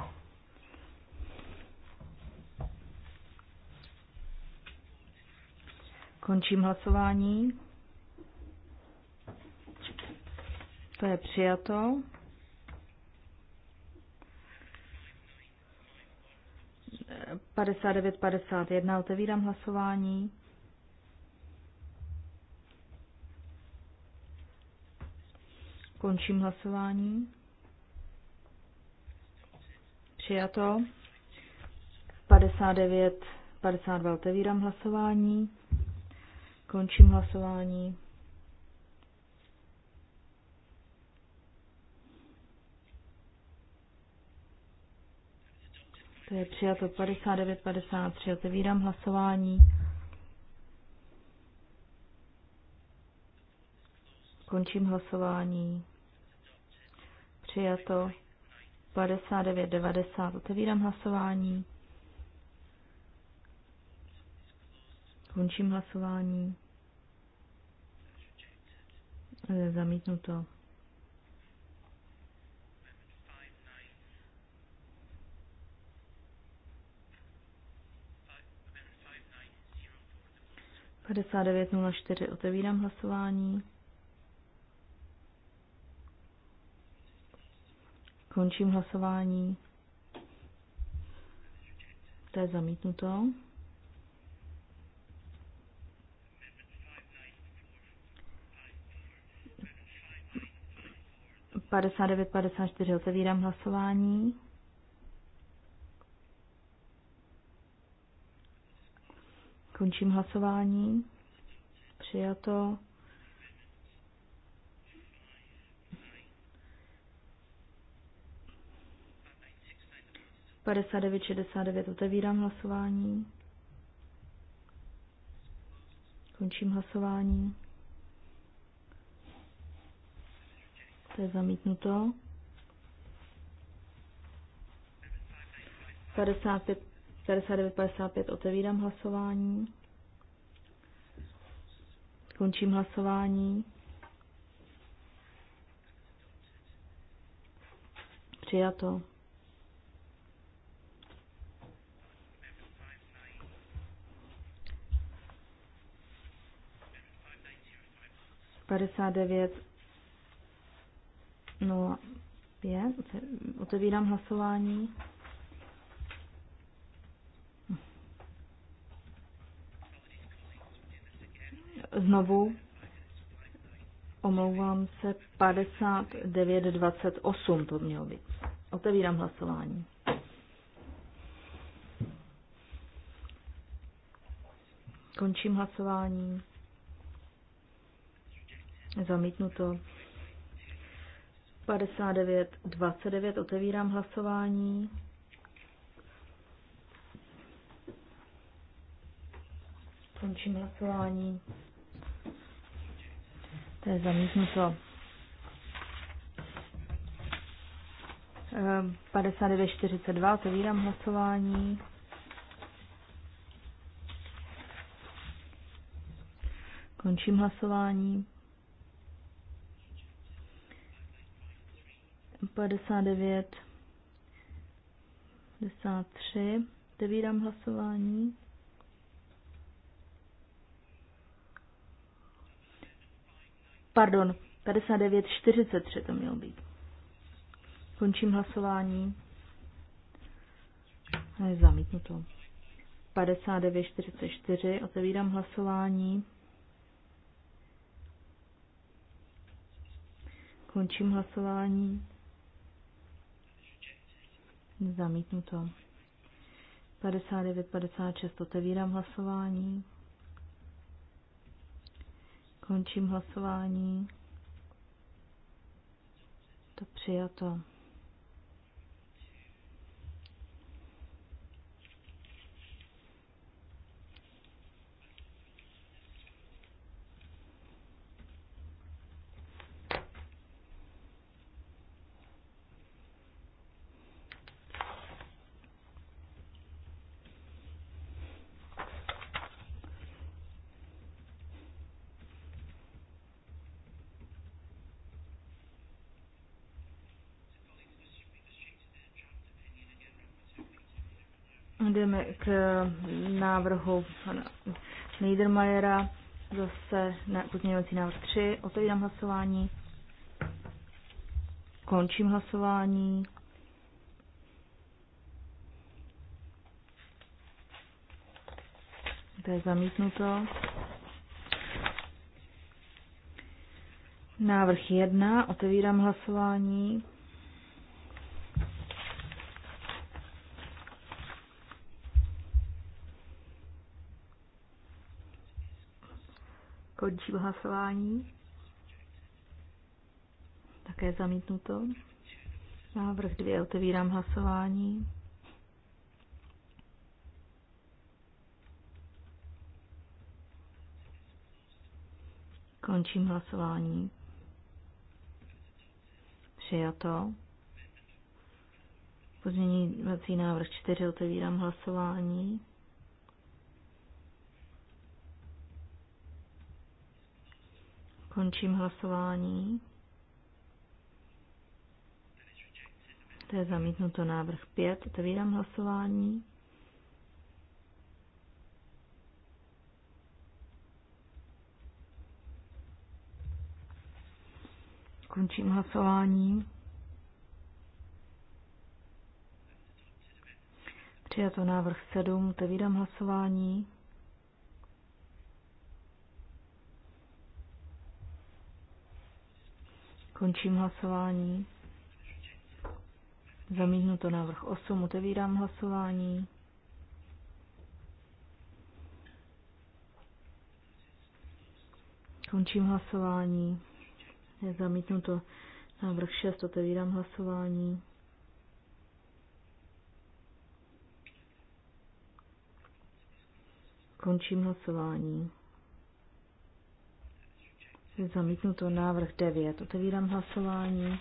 Končím hlasování. To je přijato. Padesát devět, padesát jedna. Otevírám hlasování. Končím hlasování. Přijato. 59, 52 otevírám hlasování. Končím hlasování. To je přijato 59, 53. Otevírám hlasování. Končím hlasování přijato 59.90. Otevírám hlasování. Končím hlasování. Zamítnuto. Padesát devět nula čtyři. Otevírám hlasování. Končím hlasování. To je zamítnuto. Padesát devět, padesát čtyři. Otevírám hlasování. Končím hlasování. Přijato. 59-69 otevírám hlasování. Končím hlasování. To je zamítnuto. 59-55 otevírám hlasování. Končím hlasování. Přijato. 59 No, je. Otevírám hlasování. Znovu omlouvám se 5928 to mělo být. Otevírám hlasování. Končím hlasování. Zamítnuto. 59, 29, otevírám hlasování. Končím hlasování. To je zamítnuto. 59.42, ehm, otevírám hlasování. Končím hlasování. 59, 53. Otevírám hlasování. Pardon, 59, 43 to mělo být. Končím hlasování. A je zamítnuto. 59, 44. Otevírám hlasování. Končím hlasování. Zamítnuto. 59-56 otevírám hlasování. Končím hlasování. To přijato. Jdeme k eh, návrhu pana Schneidermajera, zase na pozměňovací návrh 3. Otevírám hlasování. Končím hlasování. To je zamítnuto. Návrh 1. Otevírám hlasování. Končím hlasování. Také zamítnuto. Návrh dvě, Otevírám hlasování. Končím hlasování. Přijato. Pozměňovací návrh 4. Otevírám hlasování. Končím hlasování. To je zamítnuto návrh 5. Otevírám hlasování. Končím hlasování. Přijato návrh 7. Otevírám hlasování. Končím hlasování. to návrh 8. Otevírám hlasování. Končím hlasování. Je zamítnuto návrh 6. Otevírám hlasování. Končím hlasování je Zamítnuto návrh 9. Otevírám hlasování.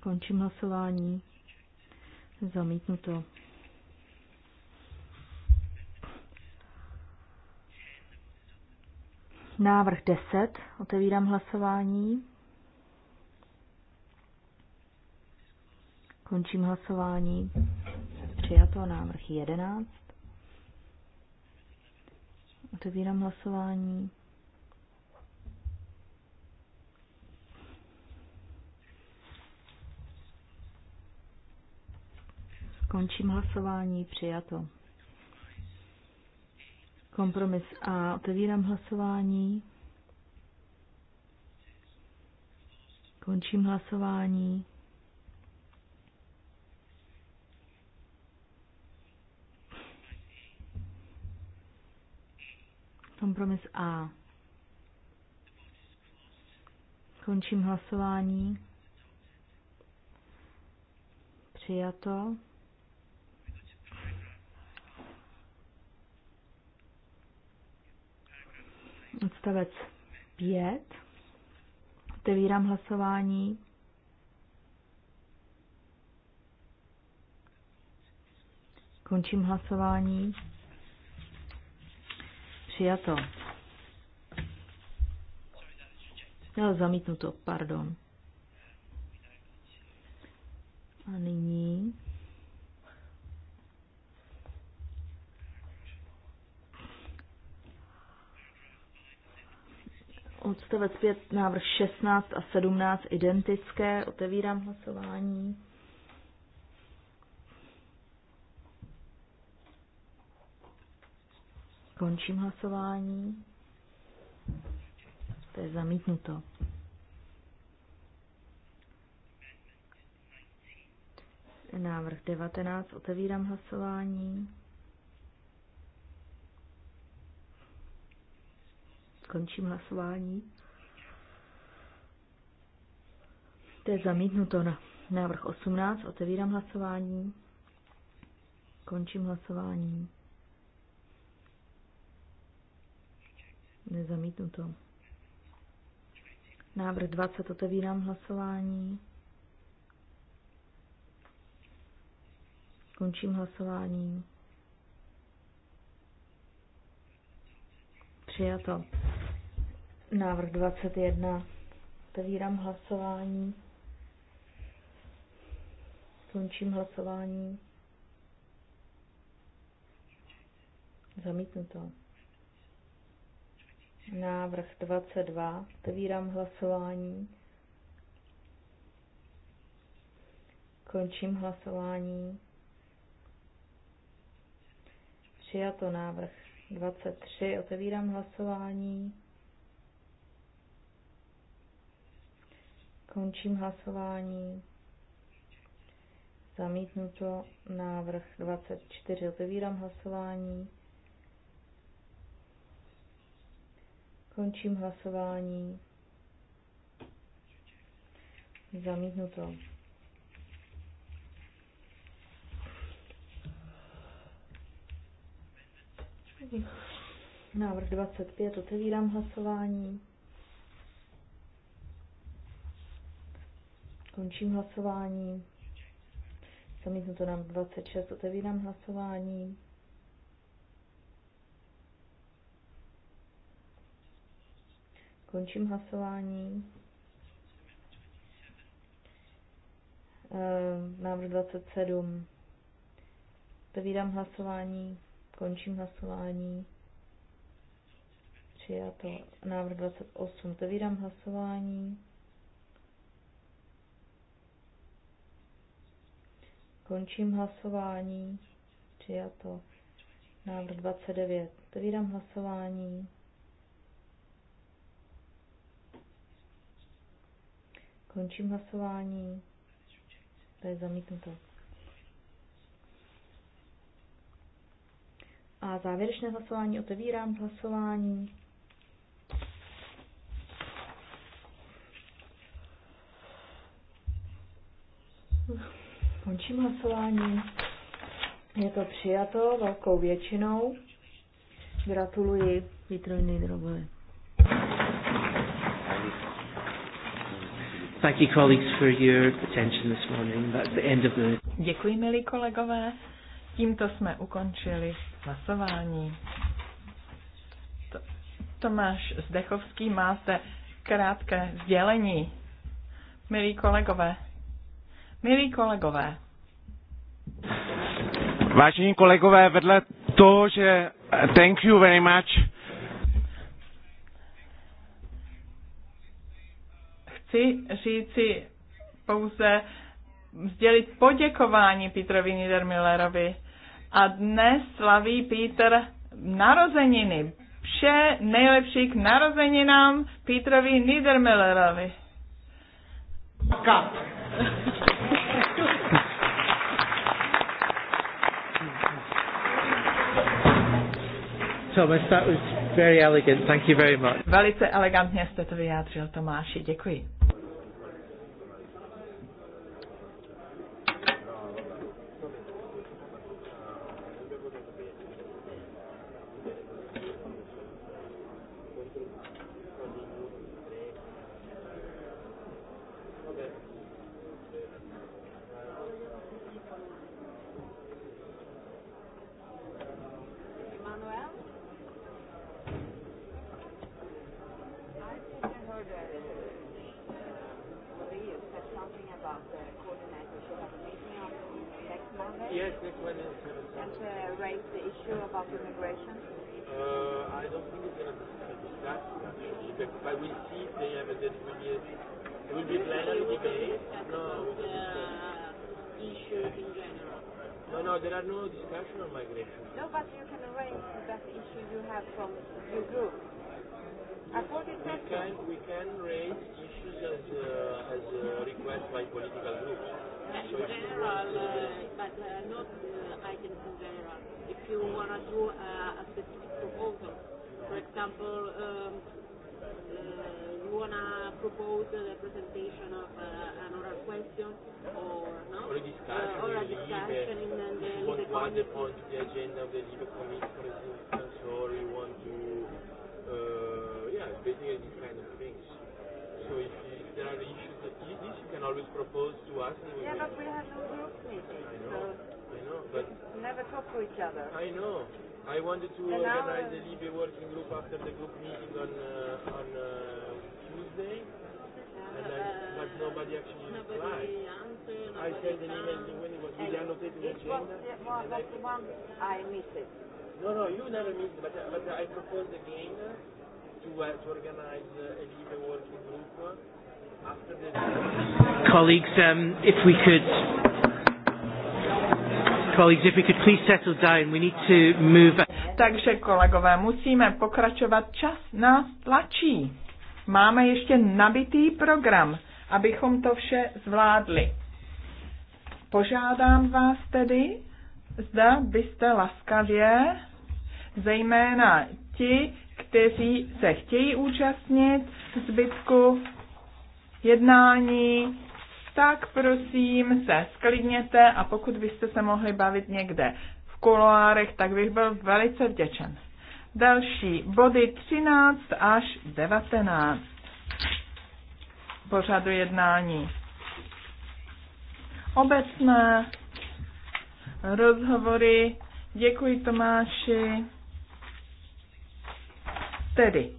Končím hlasování. Zamítnuto. Návrh 10. Otevírám hlasování. Končím hlasování. Přijato návrh 11. Otevírám hlasování. Končím hlasování. Přijato. Kompromis A. Otevírám hlasování. Končím hlasování. Kompromis A. Končím hlasování. Přijato. Odstavec 5. Otevírám hlasování. Končím hlasování. Přijato. Já no, zamítnuto, pardon. A nyní... Odstavec 5, návrh 16 a 17 identické. Otevírám hlasování. Končím hlasování. To je zamítnuto. Návrh 19. Otevírám hlasování. Končím hlasování. To je zamítnuto na návrh 18. Otevírám hlasování. Končím hlasování. Nezamítnuto. Návrh 20 otevírám hlasování. Končím hlasování. Přijato. Návrh 21. Otevírám hlasování. Končím hlasování. Zamítnuto. Návrh 22. Otevírám hlasování. Končím hlasování. Přijato návrh 23. Otevírám hlasování. Končím hlasování. Zamítnuto návrh 24. Otevírám hlasování. Končím hlasování. Zamítnuto. Návrh 25. Otevírám hlasování. Končím hlasování. Zamítnuto nám 26. Otevírám hlasování. Končím hlasování. Eh, návrh 27. Otevírám hlasování. Končím hlasování. Přijato. Návrh 28. Otevírám hlasování. Končím hlasování. Přijato. Návrh 29. Otevírám hlasování. Končím hlasování. To je zamítnuto. A závěrečné hlasování otevírám hlasování. Končím hlasování. Je to přijato velkou většinou. Gratuluji Vítrojný Nejdrabovi.
Thank you, colleagues, for your attention this morning. That's the end of the...
Děkuji, milí kolegové. Tímto jsme ukončili hlasování. Tomáš Zdechovský máte krátké sdělení. Milí kolegové, milí kolegové.
Vážení kolegové, vedle toho, že thank you very much
chci říci pouze sdělit poděkování Petrovi Niedermillerovi. A dnes slaví Peter narozeniny. Vše nejlepší k narozeninám Petrovi Niedermillerovi.
Thomas, that was very elegant. Thank you very much.
Velice elegantně jste to vyjádřil, Tomáši. Děkuji.
uh, the one I miss it. No, no, you never miss it, but, uh, but I proposed again to, uh, to organize uh, a leader working group after the...
Colleagues, um, if we could... Colleagues, if we could please settle down, we need to move...
Takže kolegové, musíme pokračovat, čas nás tlačí. Máme ještě nabitý program, abychom to vše zvládli. Požádám vás tedy, zda byste laskavě, zejména ti, kteří se chtějí účastnit zbytku jednání, tak prosím se sklidněte a pokud byste se mohli bavit někde v kuloárech, tak bych byl velice vděčen. Další body 13 až 19 pořadu jednání. Obecné rozhovory. Děkuji Tomáši. Tedy,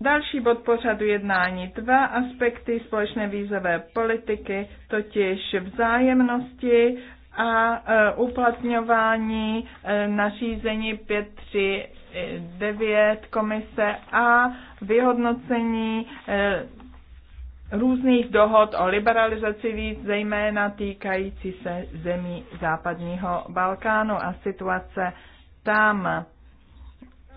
další bod pořadu jednání. Dva aspekty společné vízové politiky, totiž vzájemnosti a e, uplatňování e, nařízení 539 komise a vyhodnocení e, různých dohod o liberalizaci víc, zejména týkající se zemí západního Balkánu a situace tam.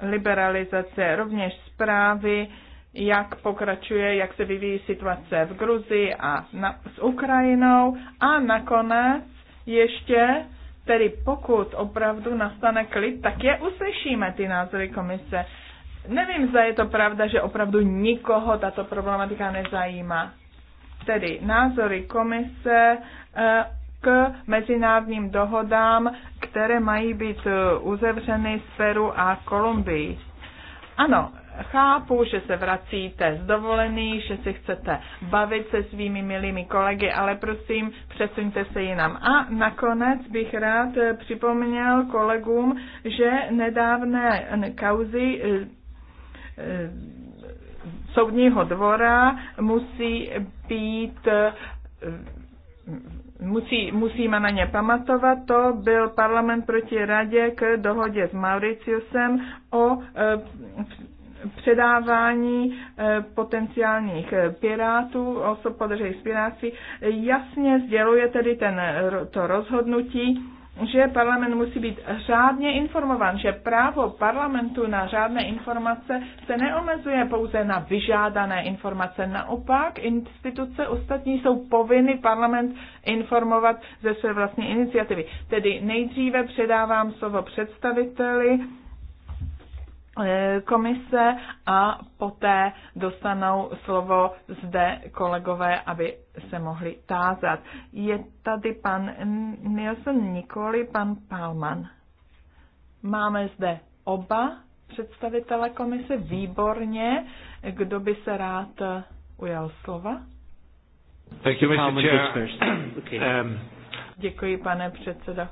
Liberalizace rovněž zprávy, jak pokračuje, jak se vyvíjí situace v Gruzii a na, s Ukrajinou. A nakonec ještě, tedy pokud opravdu nastane klid, tak je uslyšíme ty názory komise. Nevím, zda je to pravda, že opravdu nikoho tato problematika nezajímá. Tedy názory komise eh, k mezinárodním dohodám, které mají být eh, uzavřeny s Peru a Kolumbii. Ano, chápu, že se vracíte z dovolený, že si chcete bavit se svými milými kolegy, ale prosím, přesuňte se jinam. A nakonec bych rád eh, připomněl kolegům, že nedávné kauzy Eh, soudního dvora musí být eh, musí, musíme na ně pamatovat, to byl parlament proti radě k dohodě s Mauriciusem o eh, předávání potenciálních pirátů, osob podržených z piráci. jasně sděluje tedy ten, to rozhodnutí, že parlament musí být řádně informován, že právo parlamentu na řádné informace se neomezuje pouze na vyžádané informace. Naopak, instituce ostatní jsou povinny parlament informovat ze své vlastní iniciativy. Tedy nejdříve předávám slovo představiteli E, komise a poté dostanou slovo zde kolegové, aby se mohli tázat. Je tady pan Nielsen nikoli, pan Palman. Máme zde oba představitele komise, výborně. Kdo by se rád ujal slova?
Thank you, Mr. Chair. Um,
Děkuji, pane předsedo.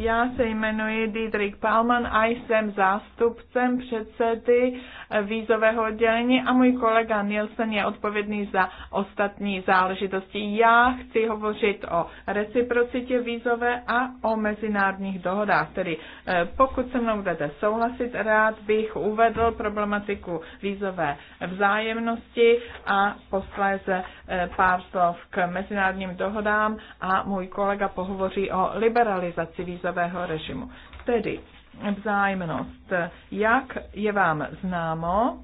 Já se jmenuji Dietrich Palman a jsem zástupcem předsedy vízového oddělení a můj kolega Nielsen je odpovědný za ostatní záležitosti. Já chci hovořit o reciprocitě vízové a o mezinárodních dohodách. Tedy eh, pokud se mnou budete souhlasit, rád bych uvedl problematiku vízové vzájemnosti a posléze eh, pár slov k mezinárodním dohodám a můj kolega pohovoří o liberalizaci vízové krizového režimu. Tedy vzájemnost. Jak je vám známo,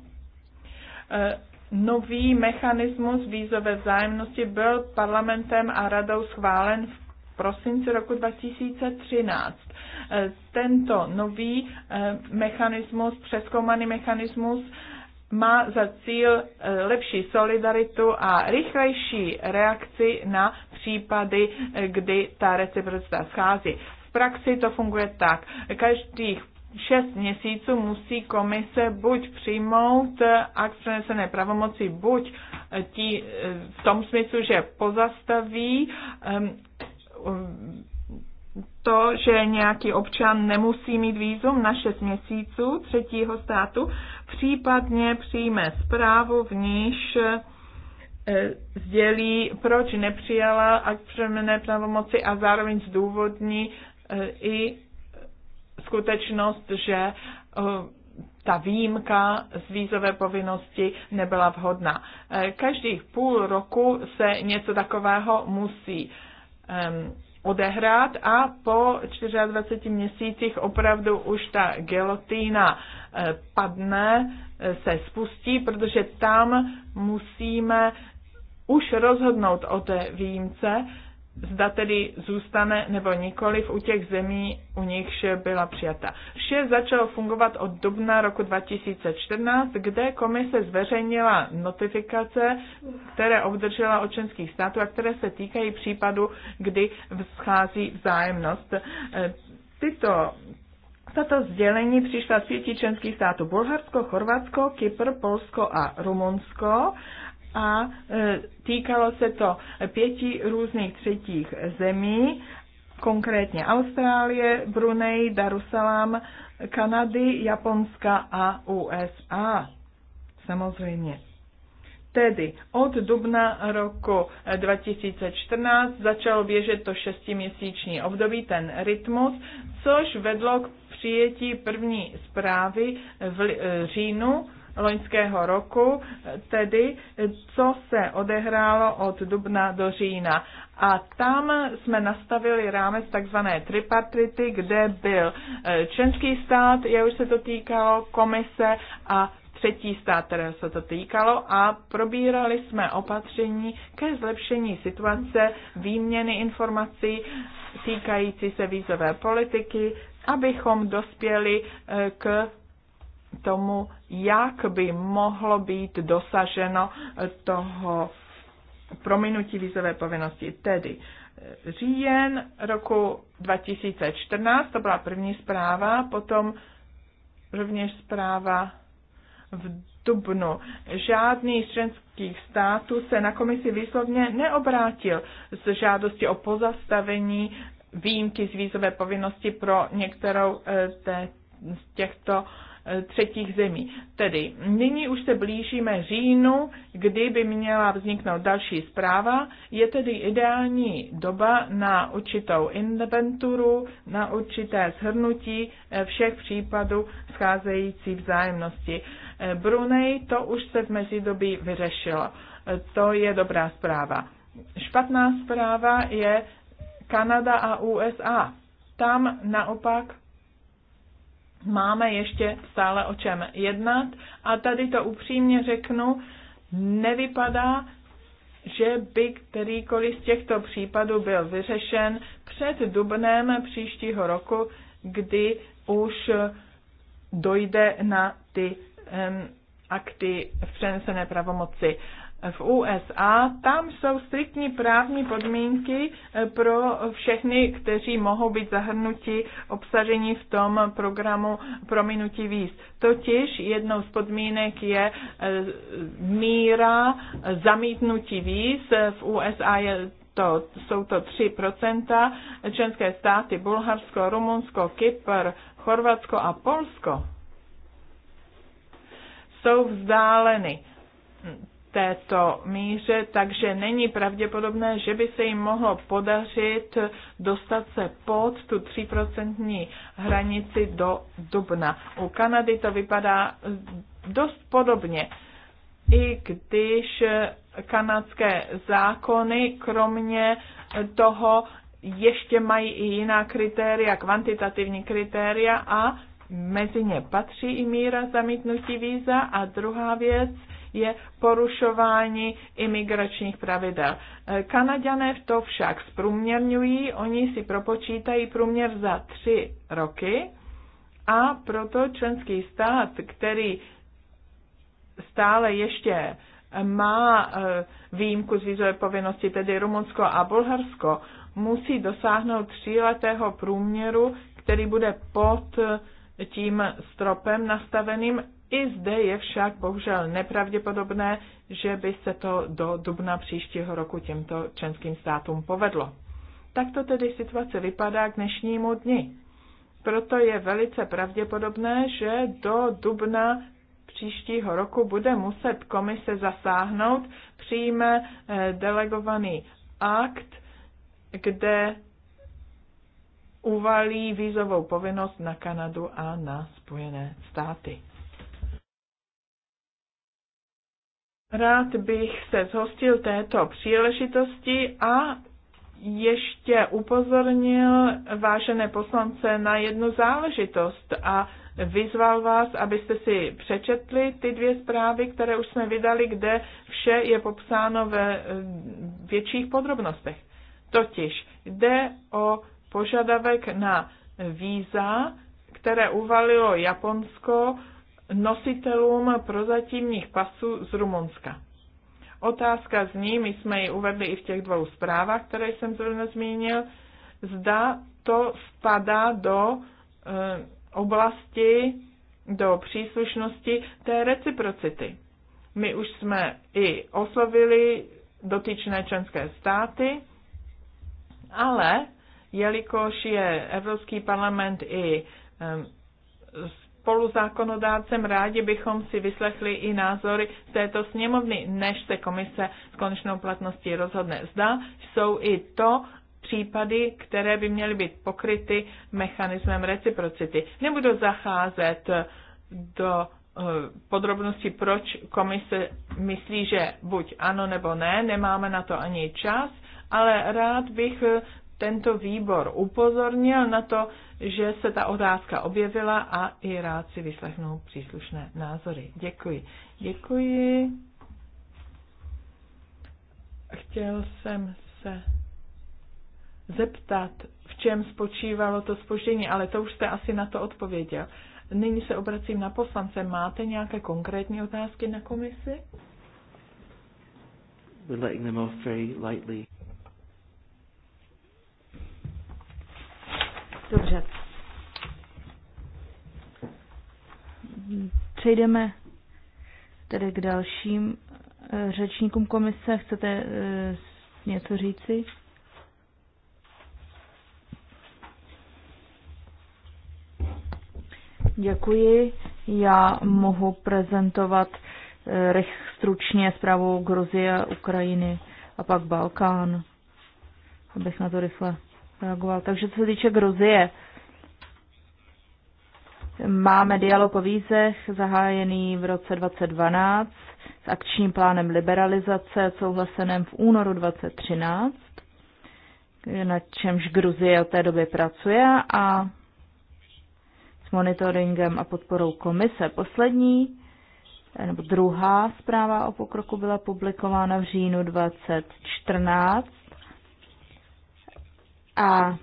eh, nový mechanismus vízové vzájemnosti byl parlamentem a radou schválen v prosinci roku 2013. Eh, tento nový eh, mechanismus, přeskoumaný mechanismus, má za cíl lepší solidaritu a rychlejší reakci na případy, kdy ta reciprocita schází praxi to funguje tak. Každých šest měsíců musí komise buď přijmout akt přenesené pravomoci, buď tí, v tom smyslu, že pozastaví um, to, že nějaký občan nemusí mít výzum na šest měsíců třetího státu, případně přijme zprávu, v níž e, sdělí, proč nepřijala akt přeměné pravomoci a zároveň zdůvodní i skutečnost, že eh, ta výjimka z vízové povinnosti nebyla vhodná. Eh, Každých půl roku se něco takového musí ehm, odehrát a po 24 měsících opravdu už ta gelotýna eh, padne, se spustí, protože tam musíme už rozhodnout o té výjimce, zda tedy zůstane nebo nikoliv u těch zemí, u nichž byla přijata. Vše začalo fungovat od dubna roku 2014, kde komise zveřejnila notifikace, které obdržela od členských států a které se týkají případu, kdy vzchází vzájemnost. Tyto tato sdělení přišla z pěti členských států Bulharsko, Chorvatsko, Kypr, Polsko a Rumunsko a e, týkalo se to pěti různých třetích zemí, konkrétně Austrálie, Brunei, Darussalam, Kanady, Japonska a USA. Samozřejmě. Tedy od dubna roku 2014 začalo běžet to šestiměsíční období, ten rytmus, což vedlo k přijetí první zprávy v e, říjnu loňského roku, tedy co se odehrálo od dubna do října. A tam jsme nastavili rámec takzvané tripartity, kde byl e, členský stát, je už se to týkalo, komise a třetí stát, které se to týkalo a probírali jsme opatření ke zlepšení situace výměny informací týkající se vízové politiky, abychom dospěli e, k tomu, jak by mohlo být dosaženo toho prominutí vízové povinnosti. Tedy eh, říjen roku 2014, to byla první zpráva, potom rovněž zpráva v dubnu. Žádný z členských států se na komisi výslovně neobrátil s žádostí o pozastavení výjimky z vízové povinnosti pro některou eh, z těchto třetích zemí. Tedy nyní už se blížíme říjnu, kdy by měla vzniknout další zpráva. Je tedy ideální doba na určitou inventuru, na určité shrnutí eh, všech případů scházející vzájemnosti. Eh, Brunei to už se v mezidobí vyřešilo. Eh, to je dobrá zpráva. Špatná zpráva je Kanada a USA. Tam naopak máme ještě stále o čem jednat a tady to upřímně řeknu, nevypadá, že by kterýkoliv z těchto případů byl vyřešen před dubnem příštího roku, kdy už dojde na ty um, akty v přenesené pravomoci v USA, tam jsou striktní právní podmínky eh, pro všechny, kteří mohou být zahrnuti obsažení v tom programu prominutí víz. Totiž jednou z podmínek je eh, míra zamítnutí víz. V USA je to, jsou to 3%, členské státy Bulharsko, Rumunsko, Kypr, Chorvatsko a Polsko jsou vzdáleny této míře, takže není pravděpodobné, že by se jim mohlo podařit dostat se pod tu 3% hranici do dubna. U Kanady to vypadá eh, dost podobně. I když eh, kanadské zákony, kromě eh, toho, ještě mají i jiná kritéria, kvantitativní kritéria a mezi ně patří i míra zamítnutí víza. A druhá věc, je porušování imigračních pravidel. Eh, Kanaďané to však zprůměrňují, oni si propočítají průměr za tři roky a proto členský stát, který stále ještě má eh, výjimku z vízové povinnosti, tedy Rumunsko a Bulharsko, musí dosáhnout tříletého průměru, který bude pod eh, tím stropem nastaveným i zde je však bohužel nepravděpodobné, že by se to do dubna příštího roku těmto členským státům povedlo. Takto tedy situace vypadá k dnešnímu dni. Proto je velice pravděpodobné, že do dubna příštího roku bude muset komise zasáhnout, přijme eh, delegovaný akt, kde uvalí vízovou povinnost na Kanadu a na Spojené státy. Rád bych se zhostil této příležitosti a ještě upozornil vážené poslance na jednu záležitost a vyzval vás, abyste si přečetli ty dvě zprávy, které už jsme vydali, kde vše je popsáno ve větších podrobnostech. Totiž jde o požadavek na víza, které uvalilo Japonsko nositelům prozatímních pasů z Rumunska. Otázka zní, my jsme ji uvedli i v těch dvou zprávách, které jsem zrovna zmínil, zda to spadá do e, oblasti, do příslušnosti té reciprocity. My už jsme i oslovili dotyčné členské státy, ale jelikož je Evropský parlament i e, spoluzákonodácem rádi bychom si vyslechli i názory této sněmovny, než se komise s konečnou platností rozhodne. Zda jsou i to případy, které by měly být pokryty mechanismem reciprocity. Nebudu zacházet do eh, podrobnosti, proč komise myslí, že buď ano nebo ne, nemáme na to ani čas, ale rád bych tento výbor upozornil na to, že se ta otázka objevila a i rád si vyslechnu příslušné názory. Děkuji. Děkuji. Chtěl jsem se zeptat, v čem spočívalo to spoždění, ale to už jste asi na to odpověděl. Nyní se obracím na poslance. Máte nějaké konkrétní otázky na komisi?
We're letting them off very lightly.
Dobře.
Přejdeme tedy k dalším eh, řečníkům komise. Chcete eh, něco říci? Děkuji. Já mohu prezentovat eh, rych stručně zprávu Gruzie, Ukrajiny a pak Balkán, abych na to rychle reagoval. Takže co se týče Gruzie, máme dialog o vízech zahájený v roce 2012 s akčním plánem liberalizace souhlaseném v únoru 2013, na čemž Gruzie od té doby pracuje a s monitoringem a podporou komise. Poslední nebo druhá zpráva o pokroku byla publikována v říjnu 2014 a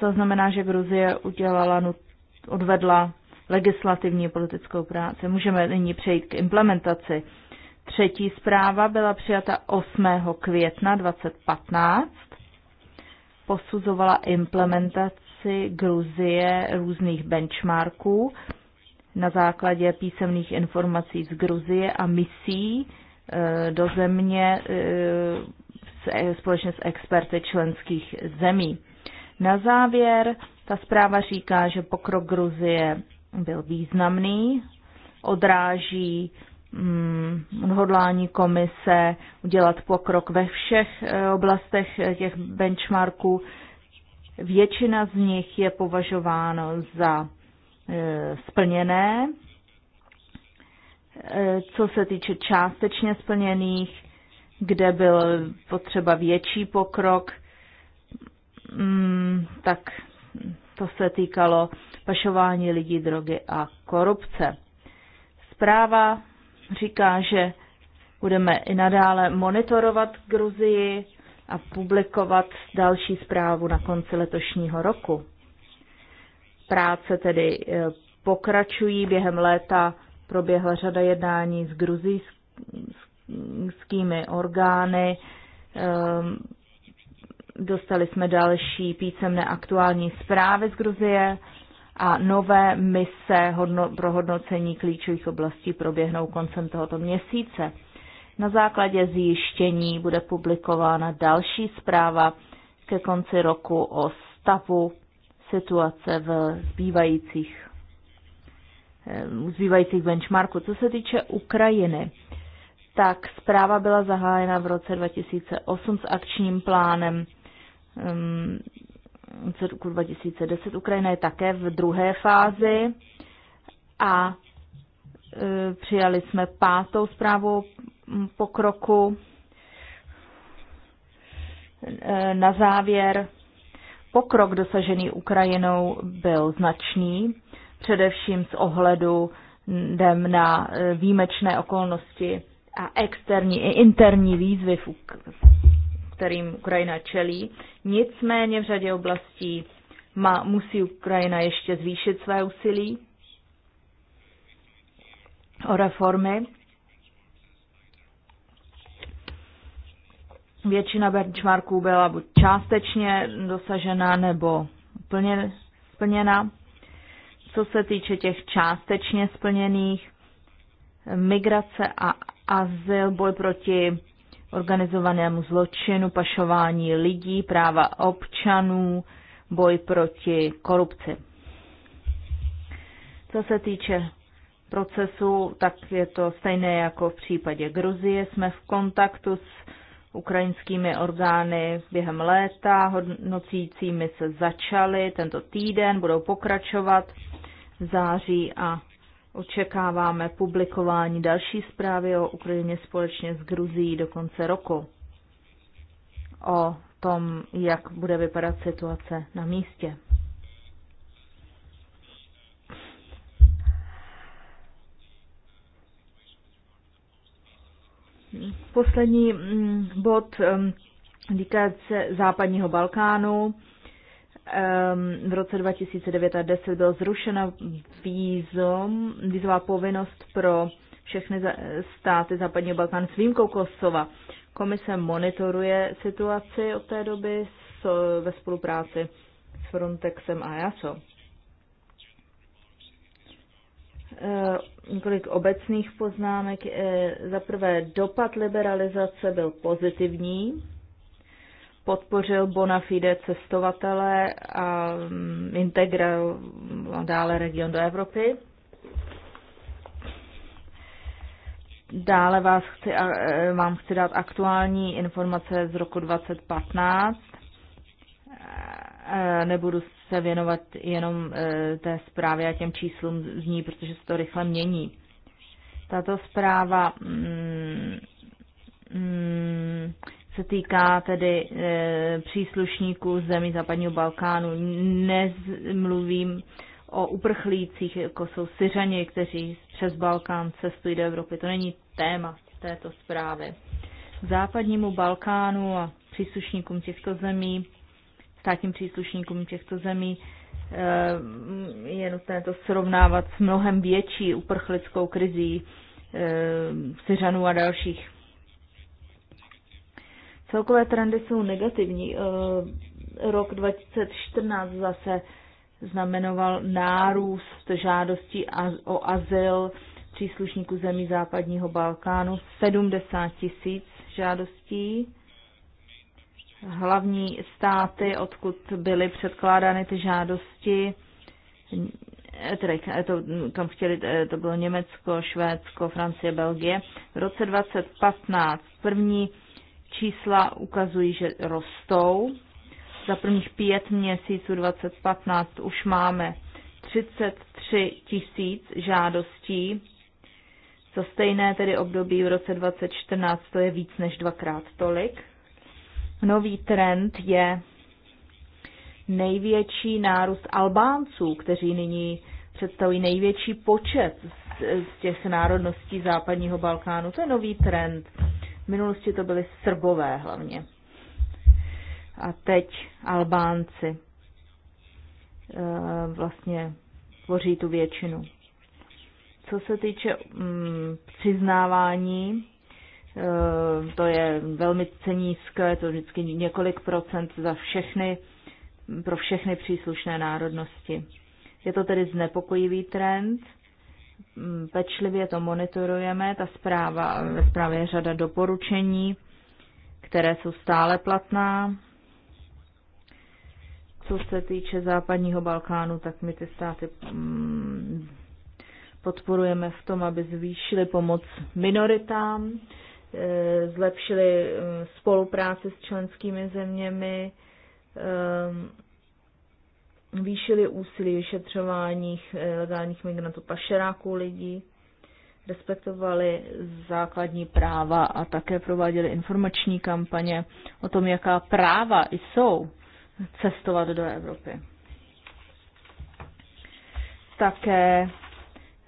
to znamená, že Gruzie udělala, odvedla legislativní politickou práci. Můžeme nyní přejít k implementaci. Třetí zpráva byla přijata 8. května 2015. Posuzovala implementaci Gruzie různých benchmarků na základě písemných informací z Gruzie a misí eh, do země eh, společně s experty členských zemí. Na závěr ta zpráva říká, že pokrok Gruzie byl významný, odráží mm, odhodlání komise udělat pokrok ve všech e, oblastech těch benchmarků. Většina z nich je považováno za e, splněné. E, co se týče částečně splněných, kde byl potřeba větší pokrok, mm, tak to se týkalo pašování lidí, drogy a korupce. Zpráva říká, že budeme i nadále monitorovat Gruzii a publikovat další zprávu na konci letošního roku. Práce tedy e, pokračují. Během léta proběhla řada jednání s s skými orgány. Ehm, dostali jsme další písemné aktuální zprávy z Gruzie a nové mise pro hodnocení klíčových oblastí proběhnou koncem tohoto měsíce. Na základě zjištění bude publikována další zpráva ke konci roku o stavu situace v zbývajících, eh, zbývajících benchmarku. Co se týče Ukrajiny, tak zpráva byla zahájena v roce 2008 s akčním plánem um, z roku 2010. Ukrajina je také v druhé fázi a eh, přijali jsme pátou zprávu pokroku. Eh, na závěr pokrok dosažený Ukrajinou byl značný, především s ohledem hm, na eh, výjimečné okolnosti a externí i interní výzvy, kterým Ukrajina čelí. Nicméně v řadě oblastí má, musí Ukrajina ještě zvýšit své úsilí o reformy. Většina benchmarků byla buď částečně dosažena nebo plně splněna. Co se týče těch částečně splněných, migrace a azyl, boj proti organizovanému zločinu, pašování lidí, práva občanů, boj proti korupci. Co se týče procesu, tak je to stejné jako v případě Gruzie. Jsme v kontaktu s ukrajinskými orgány během léta, hodnocícími se začaly tento týden, budou pokračovat v září a Očekáváme publikování další zprávy o Ukrajině společně s Gruzií do konce roku. O tom, jak bude vypadat situace na místě. Poslední mm, bod mm, týká se západního Balkánu. Ehm, v roce 2009 a 2010 byla zrušena vízum, vízová povinnost pro všechny státy západního Balkánu s výjimkou Kosova. Komise monitoruje situaci od té doby s, ve spolupráci s Frontexem a JASO. Ehm, několik obecných poznámek. Ehm, za prvé, dopad liberalizace byl pozitivní podpořil bona fide cestovatele a mm, integroval dále region do Evropy. Dále vás chci, e, vám chci dát aktuální informace z roku 2015. E, e, nebudu se věnovat jenom té zprávě a těm číslům z ní, protože se to rychle mění. Tato zpráva mm, mm, se týká tedy e, příslušníků zemí západního Balkánu. Nezmluvím o uprchlících, jako jsou Syřani, kteří přes Balkán cestují do Evropy. To není téma této zprávy. K západnímu Balkánu a příslušníkům těchto zemí, státním příslušníkům těchto zemí, e, je nutné to srovnávat s mnohem větší uprchlickou krizí e, Syřanů a dalších Celkové trendy jsou negativní. Eh, rok 2014 zase znamenoval nárůst žádostí o azyl příslušníků zemí západního Balkánu 70 tisíc žádostí. Hlavní státy, odkud byly předkládány ty žádosti, tedy eh, to, kam chtěli, eh, to bylo Německo, Švédsko, Francie, Belgie. V roce 2015 první Čísla ukazují, že rostou. Za prvních pět měsíců 2015 už máme 33 tisíc žádostí. Za stejné tedy období v roce 2014 to je víc než dvakrát tolik. Nový trend je největší nárůst Albánců, kteří nyní představují největší počet z, z těch národností západního Balkánu. To je nový trend. V minulosti to byly Srbové hlavně. A teď Albánci eh, vlastně tvoří tu většinu. Co se týče mm, přiznávání, eh, to je velmi nízké, je to vždycky několik procent za všechny, pro všechny příslušné národnosti. Je to tedy znepokojivý trend, Mm, pečlivě to monitorujeme. Ta zpráva, ve zprávě je řada doporučení, které jsou stále platná. Co se týče západního Balkánu, tak my ty státy mm, podporujeme v tom, aby zvýšili pomoc minoritám, e, zlepšili e, spolupráci s členskými zeměmi, e, výšili úsilí vyšetřováních eh, legálních migrantů pašeráků lidí, respektovali základní práva a také prováděli informační kampaně o tom, jaká práva jsou cestovat do Evropy. Také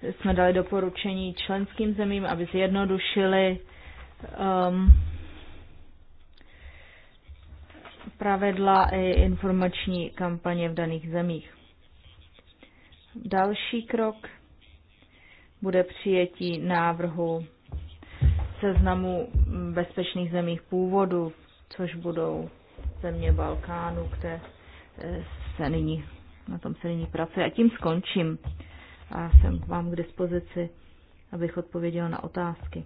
jsme dali doporučení členským zemím, aby zjednodušili um, pravidla i informační kampaně v daných zemích. Další krok bude přijetí návrhu seznamu bezpečných zemích původu, což budou země Balkánu, které eh, se nyní, na tom se nyní pracuje. A tím skončím a jsem k vám k dispozici, abych odpověděla na otázky.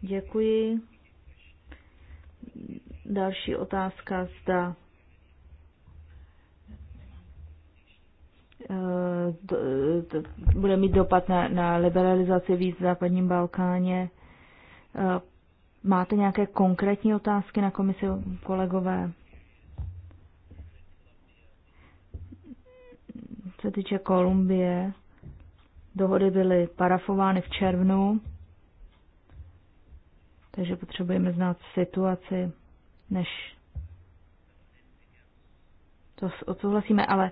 Děkuji. Další otázka, zda eh, bude mít dopad na, na liberalizaci víc v západním Balkáně. Eh, máte nějaké konkrétní otázky na komisi, kolegové? Co týče Kolumbie, dohody byly parafovány v červnu, takže potřebujeme znát situaci než to odsouhlasíme, ale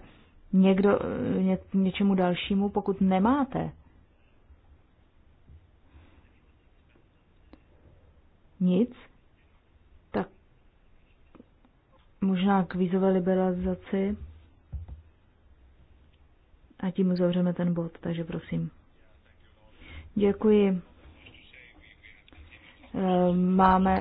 někdo eh, ně, něčemu dalšímu, pokud nemáte nic, tak možná k vízové liberalizaci a tím uzavřeme ten bod, takže prosím. Děkuji. Eh, máme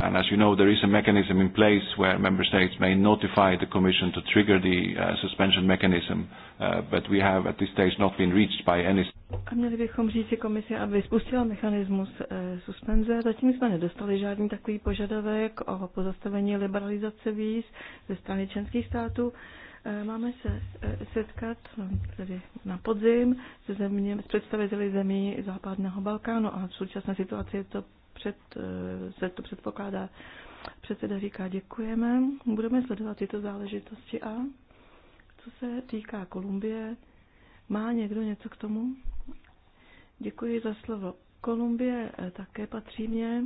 And as you know, there is a mechanism in place where member states may notify the Commission to trigger the uh, suspension mechanism, uh, but we have at this stage not been reached by any. A měli bychom říci komisi, aby spustila mechanismus eh, suspenze. Zatím jsme nedostali žádný takový požadavek o pozastavení liberalizace víz ze strany členských států. Eh, máme se eh, setkat no, tedy na podzim se země, s představiteli zemí západného Balkánu a v současné situaci je to před, se to předpokládá. Předseda říká, děkujeme, budeme sledovat tyto záležitosti a co se týká Kolumbie, má někdo něco k tomu? Děkuji za slovo. Kolumbie eh, také patří mě.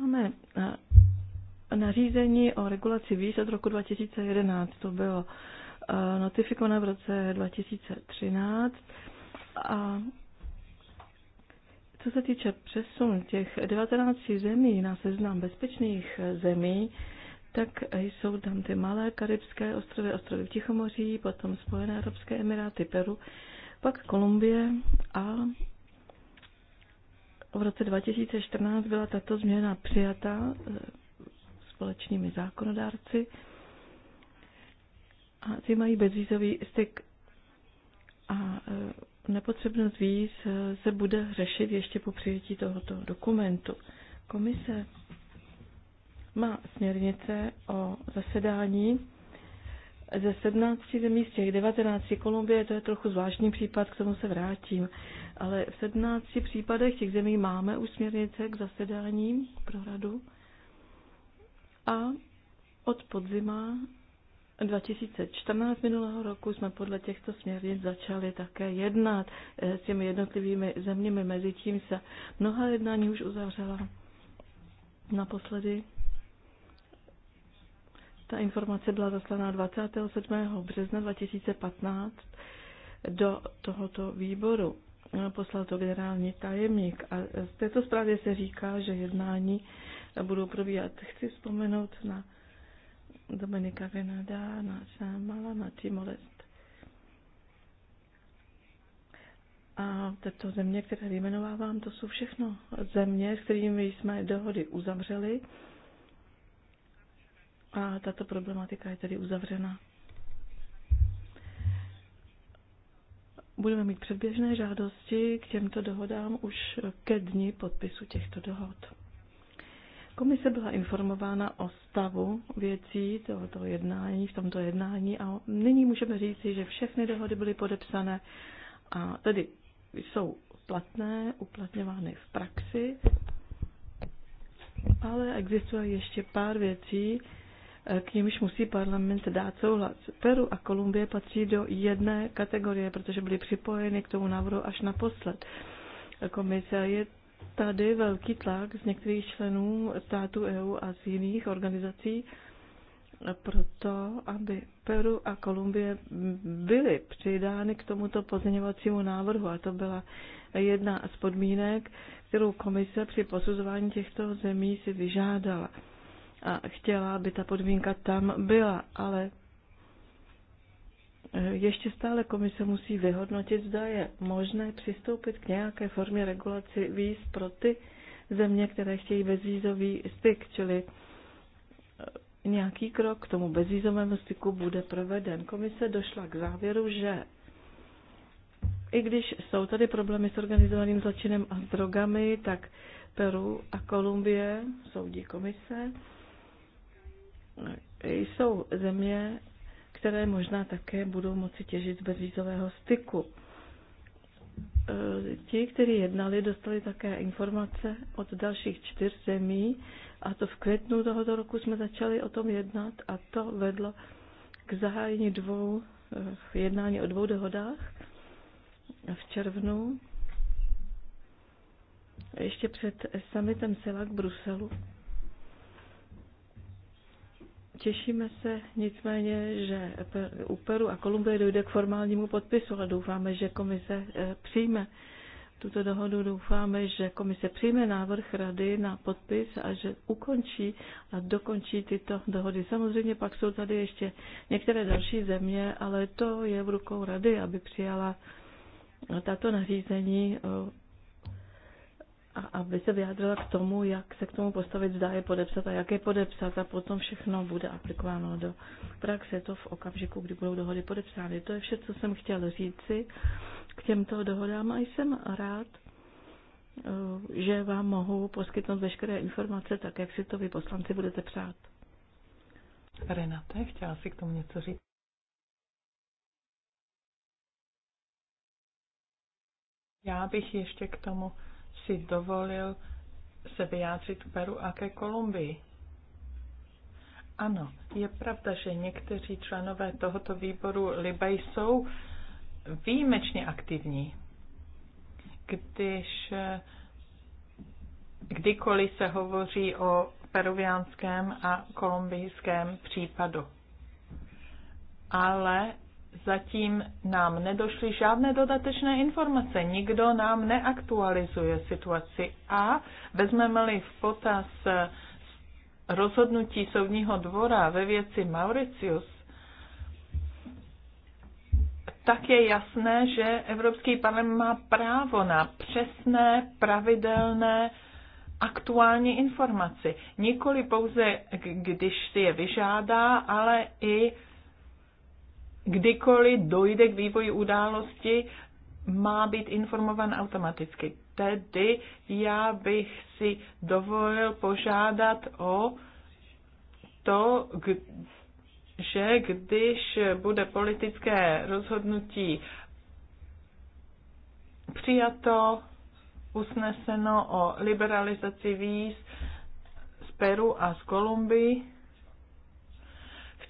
Máme eh, nařízení o regulaci víz od roku 2011. To bylo eh, notifikované v roce 2013 a co se týče přesun těch 19 zemí na seznam bezpečných zemí, tak jsou tam ty malé karibské ostrovy, ostrovy v Tichomoří, potom Spojené Arabské Emiráty, Peru, pak Kolumbie a v roce 2014 byla tato změna přijata eh, společnými zákonodárci a ty mají bezvízový styk a eh, nepotřebnost víz eh, se bude řešit ještě po přijetí tohoto dokumentu. Komise má směrnice o zasedání ze 17 zemí, z těch 19 Kolumbie, to je trochu zvláštní případ, k tomu se vrátím, ale v 17 případech těch zemí máme už směrnice k zasedáním pro radu a od podzima 2014 minulého roku jsme podle těchto směrnic začali také jednat eh, s těmi jednotlivými zeměmi. tím se mnoha jednání už uzavřela. Naposledy ta informace byla zaslaná 27. března 2015 do tohoto výboru. Poslal to generální tajemník a z této zprávě se říká, že jednání budou probíhat. Chci vzpomenout na Dominika Vinada, na Šámala, na Timolest. A tyto země, které vyjmenovávám, to jsou všechno země, s kterými jsme dohody uzavřeli. A tato problematika je tedy uzavřena. Budeme mít předběžné žádosti k těmto dohodám už ke dni podpisu těchto dohod. Komise byla informována o stavu věcí tohoto jednání, v tomto jednání a nyní můžeme říci, že všechny dohody byly podepsané a tedy jsou platné, uplatňovány v praxi, ale existuje ještě pár věcí, k nimž musí parlament dát souhlas. Peru a Kolumbie patří do jedné kategorie, protože byly připojeny k tomu návrhu až naposled. Komise je tady velký tlak z některých členů států EU a z jiných organizací proto, aby Peru a Kolumbie byly přidány k tomuto pozměňovacímu návrhu. A to byla jedna z podmínek, kterou komise při posuzování těchto zemí si vyžádala. A chtěla, aby ta podmínka tam byla, ale Eh, ještě stále komise musí vyhodnotit, zda je možné přistoupit k nějaké formě regulaci víz pro ty země, které chtějí bezvízový styk, čili eh, nějaký krok k tomu bezvízovému styku bude proveden. Komise došla k závěru, že i když jsou tady problémy s organizovaným zločinem a s drogami, tak Peru a Kolumbie, soudí komise, eh, jsou země, které možná také budou moci těžit z bezvízového styku. E, ti, kteří jednali, dostali také informace od dalších čtyř zemí a to v květnu tohoto roku jsme začali o tom jednat a to vedlo k zahájení dvou e, jednání o dvou dohodách v červnu ještě před summitem SELAK v Bruselu. Těšíme se nicméně, že u Peru a Kolumbie dojde k formálnímu podpisu, ale doufáme, že komise eh, přijme tuto dohodu. Doufáme, že komise přijme návrh rady na podpis a že ukončí a dokončí tyto dohody. Samozřejmě pak jsou tady ještě některé další země, ale to je v rukou rady, aby přijala tato nařízení eh, a aby se vyjádřila k tomu, jak se k tomu postavit, zda je podepsat a jak je podepsat a potom všechno bude aplikováno do praxe, to v okamžiku, kdy budou dohody podepsány. To je vše, co jsem chtěl říci k těmto dohodám a jsem rád, eh, že vám mohu poskytnout veškeré informace tak, jak si to vy poslanci budete přát.
Renate, chtěla si k tomu něco říct? Já bych ještě k tomu si dovolil se vyjádřit k Peru a ke Kolumbii. Ano, je pravda, že někteří členové tohoto výboru Libej jsou výjimečně aktivní. Když kdykoliv se hovoří o peruviánském a kolumbijském případu. Ale Zatím nám nedošly žádné dodatečné informace, nikdo nám neaktualizuje situaci a vezmeme-li v potaz rozhodnutí soudního dvora ve věci Mauritius, tak je jasné, že Evropský parlament má právo na přesné, pravidelné, aktuální informaci. Nikoli pouze, když si je vyžádá, ale i kdykoliv dojde k vývoji události, má být informován automaticky. Tedy já bych si dovolil požádat o to, že když bude politické rozhodnutí přijato, usneseno o liberalizaci víz z Peru a z Kolumbii,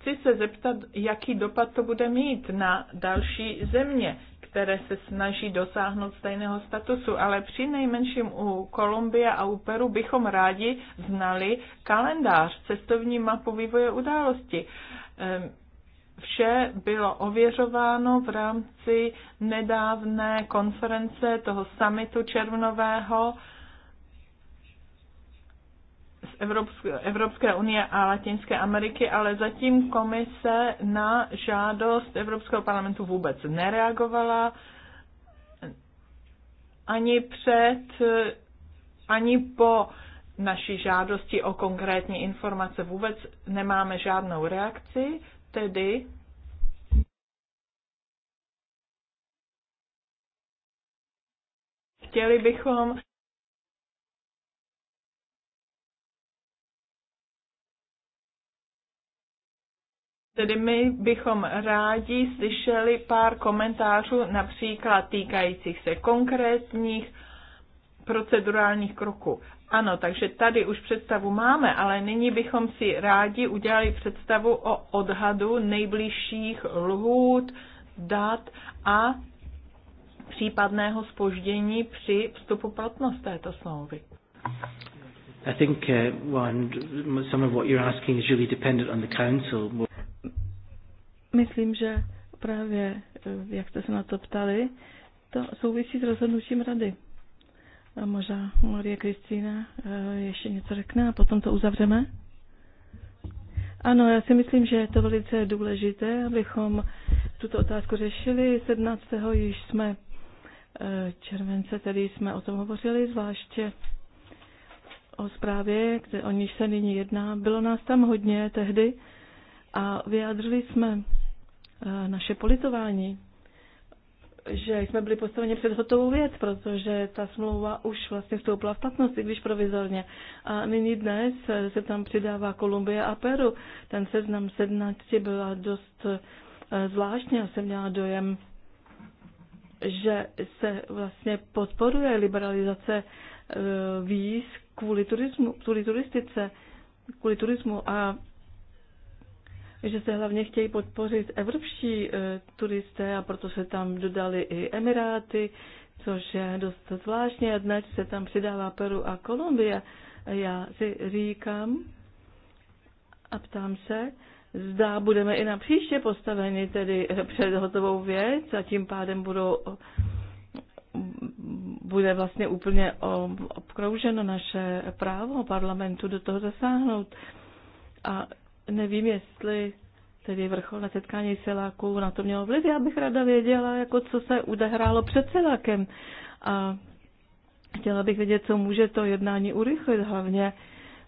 Chci se zeptat, jaký dopad to bude mít na další země, které se snaží dosáhnout stejného statusu, ale při nejmenším u Kolumbie a u Peru bychom rádi znali kalendář, cestovní mapu vývoje události. Ehm, vše bylo ověřováno v rámci nedávné konference toho summitu červnového Evropské unie a Latinské Ameriky, ale zatím komise na žádost Evropského parlamentu vůbec nereagovala ani před, ani po naší žádosti o konkrétní informace vůbec nemáme žádnou reakci, tedy chtěli bychom Tedy my bychom rádi slyšeli pár komentářů, například týkajících se konkrétních procedurálních kroků. Ano, takže tady už představu máme, ale nyní bychom si rádi udělali představu o odhadu nejbližších lhůt, dat a případného spoždění při vstupu platnost této smlouvy.
I think uh, one, some of what you're asking is really dependent on the council.
Myslím, že právě, eh, jak jste se na to ptali, to souvisí s rozhodnutím rady. A možná Marie Kristýna eh, ještě něco řekne a potom to uzavřeme. Ano, já si myslím, že je to velice důležité, abychom tuto otázku řešili. 17. již jsme eh, července, tedy jsme o tom hovořili, zvláště o zprávě, kde o níž se nyní jedná. Bylo nás tam hodně tehdy a vyjádřili jsme naše politování, že jsme byli postaveni před hotovou věc, protože ta smlouva už vlastně vstoupila v platnost, i když provizorně. A nyní dnes se tam přidává Kolumbie a Peru. Ten seznam 17 byla dost e, zvláštní. Já jsem měla dojem, že se vlastně podporuje liberalizace e, víz kvůli, turismu, kvůli turistice, kvůli turismu a že se hlavně chtějí podpořit evropští eh, turisté a proto se tam dodali i Emiráty, což je dost zvláštní, a dnes se tam přidává Peru a Kolumbie. Já si říkám a ptám se, zda budeme i na příště postaveni tedy před hotovou věc a tím pádem budou, bude vlastně úplně obkrouženo naše právo parlamentu do toho zasáhnout. A Nevím, jestli tedy vrchol na setkání siláků na to mělo vliv. Já bych ráda věděla, jako co se udehrálo před silákem. A chtěla bych vědět, co může to jednání urychlit. Hlavně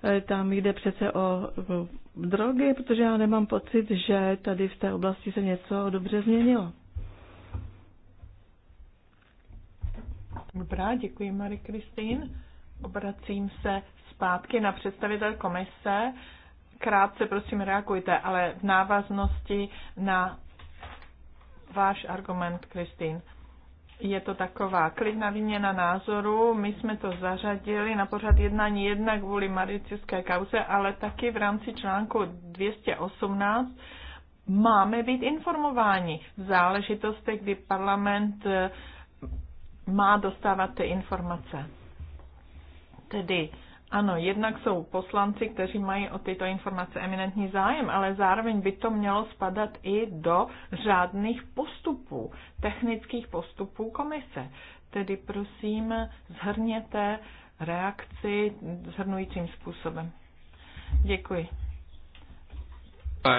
eh, tam jde přece o drogy, protože já nemám pocit, že tady v té
oblasti se něco dobře změnilo. Dobrá, děkuji Marie Kristýn. Obracím se zpátky na představitel komise krátce prosím reagujte, ale v návaznosti na váš argument, Kristýn. Je to taková klidná výměna názoru. My jsme to zařadili na pořad jednání jednak kvůli maricické kauze, ale taky v rámci článku 218 máme být informováni v záležitosti, kdy parlament eh, má dostávat ty informace. Tedy ano, jednak jsou poslanci, kteří mají o tyto informace eminentní zájem, ale zároveň by to mělo spadat i do řádných postupů, technických postupů komise. Tedy prosím, zhrněte reakci zhrnujícím způsobem. Děkuji.
Uh,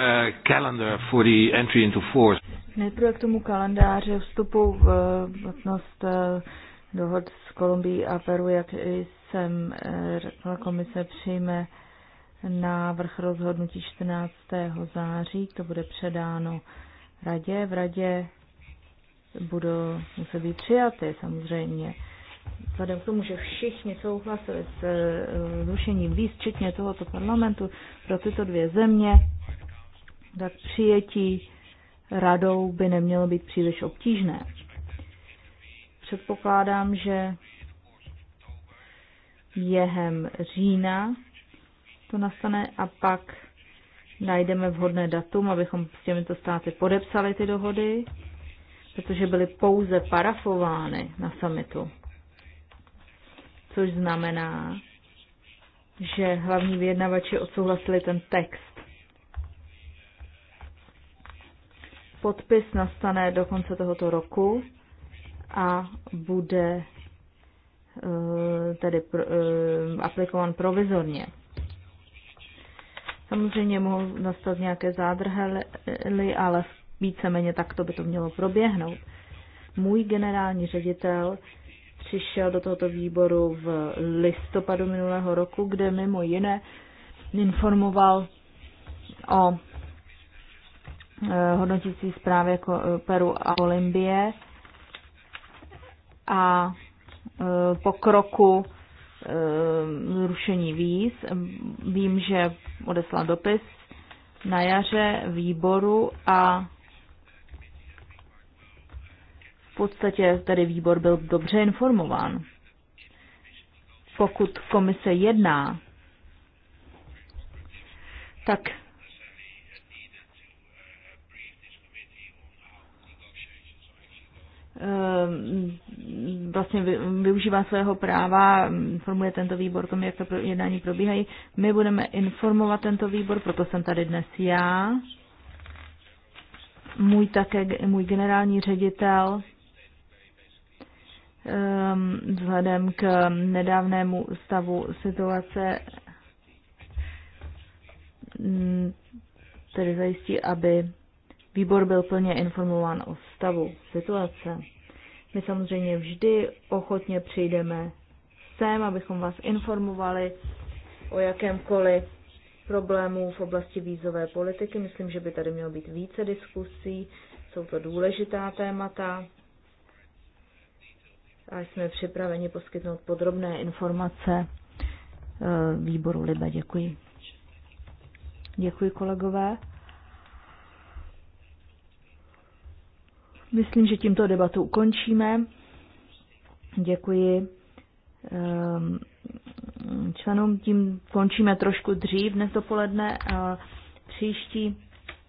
Nejprve k tomu kalendáře vstupu v platnost eh,
dohod s Kolumbií a Peru, jak i jsem eh, řekla, komise přijme návrh rozhodnutí 14. září, to bude předáno radě. V radě budou muset být přijaty samozřejmě. Vzhledem k tomu, že všichni souhlasili s eh, zrušením víz, včetně tohoto parlamentu, pro tyto dvě země, tak přijetí radou by nemělo být příliš obtížné. Předpokládám, že během října to nastane a pak najdeme vhodné datum, abychom s těmito státy podepsali ty dohody, protože byly pouze parafovány na summitu. Což znamená, že hlavní vyjednavači odsouhlasili ten text. Podpis nastane do konce tohoto roku a bude Eh, tedy eh, aplikován provizorně. Samozřejmě mohou nastat nějaké zádrhely, ale víceméně takto by to mělo proběhnout. Můj generální ředitel přišel do tohoto výboru v listopadu minulého roku, kde mimo jiné informoval o eh, hodnotící zprávě Peru a Olympie a Eh, pokroku eh, zrušení víz. Vím, že odeslal dopis na jaře výboru a v podstatě tady výbor byl dobře informován. Pokud komise jedná, tak Ehm, vlastně využívá svého práva, informuje tento výbor o tom, jak to jednání probíhají. My budeme informovat tento výbor, proto jsem tady dnes já, můj také, můj generální ředitel, ehm, vzhledem k nedávnému stavu situace, mm, tedy zajistí, aby Výbor byl plně informován o stavu situace. My samozřejmě vždy ochotně přijdeme sem, abychom vás informovali o jakémkoliv problému v oblasti vízové politiky. Myslím, že by tady mělo být více diskusí. Jsou to důležitá témata. A jsme připraveni poskytnout podrobné informace eh, výboru Liba. Děkuji. Děkuji kolegové. Myslím, že tímto debatu ukončíme. Děkuji ehm, členům. Tím končíme trošku dřív dnes dopoledne. příští,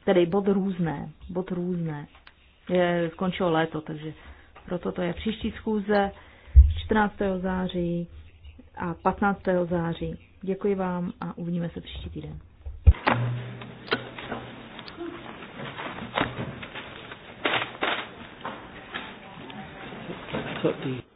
tedy bod různé, bod různé. Je, skončilo léto, takže proto to je příští schůze 14. září a 15. září. Děkuji vám a uvidíme se příští týden. 30.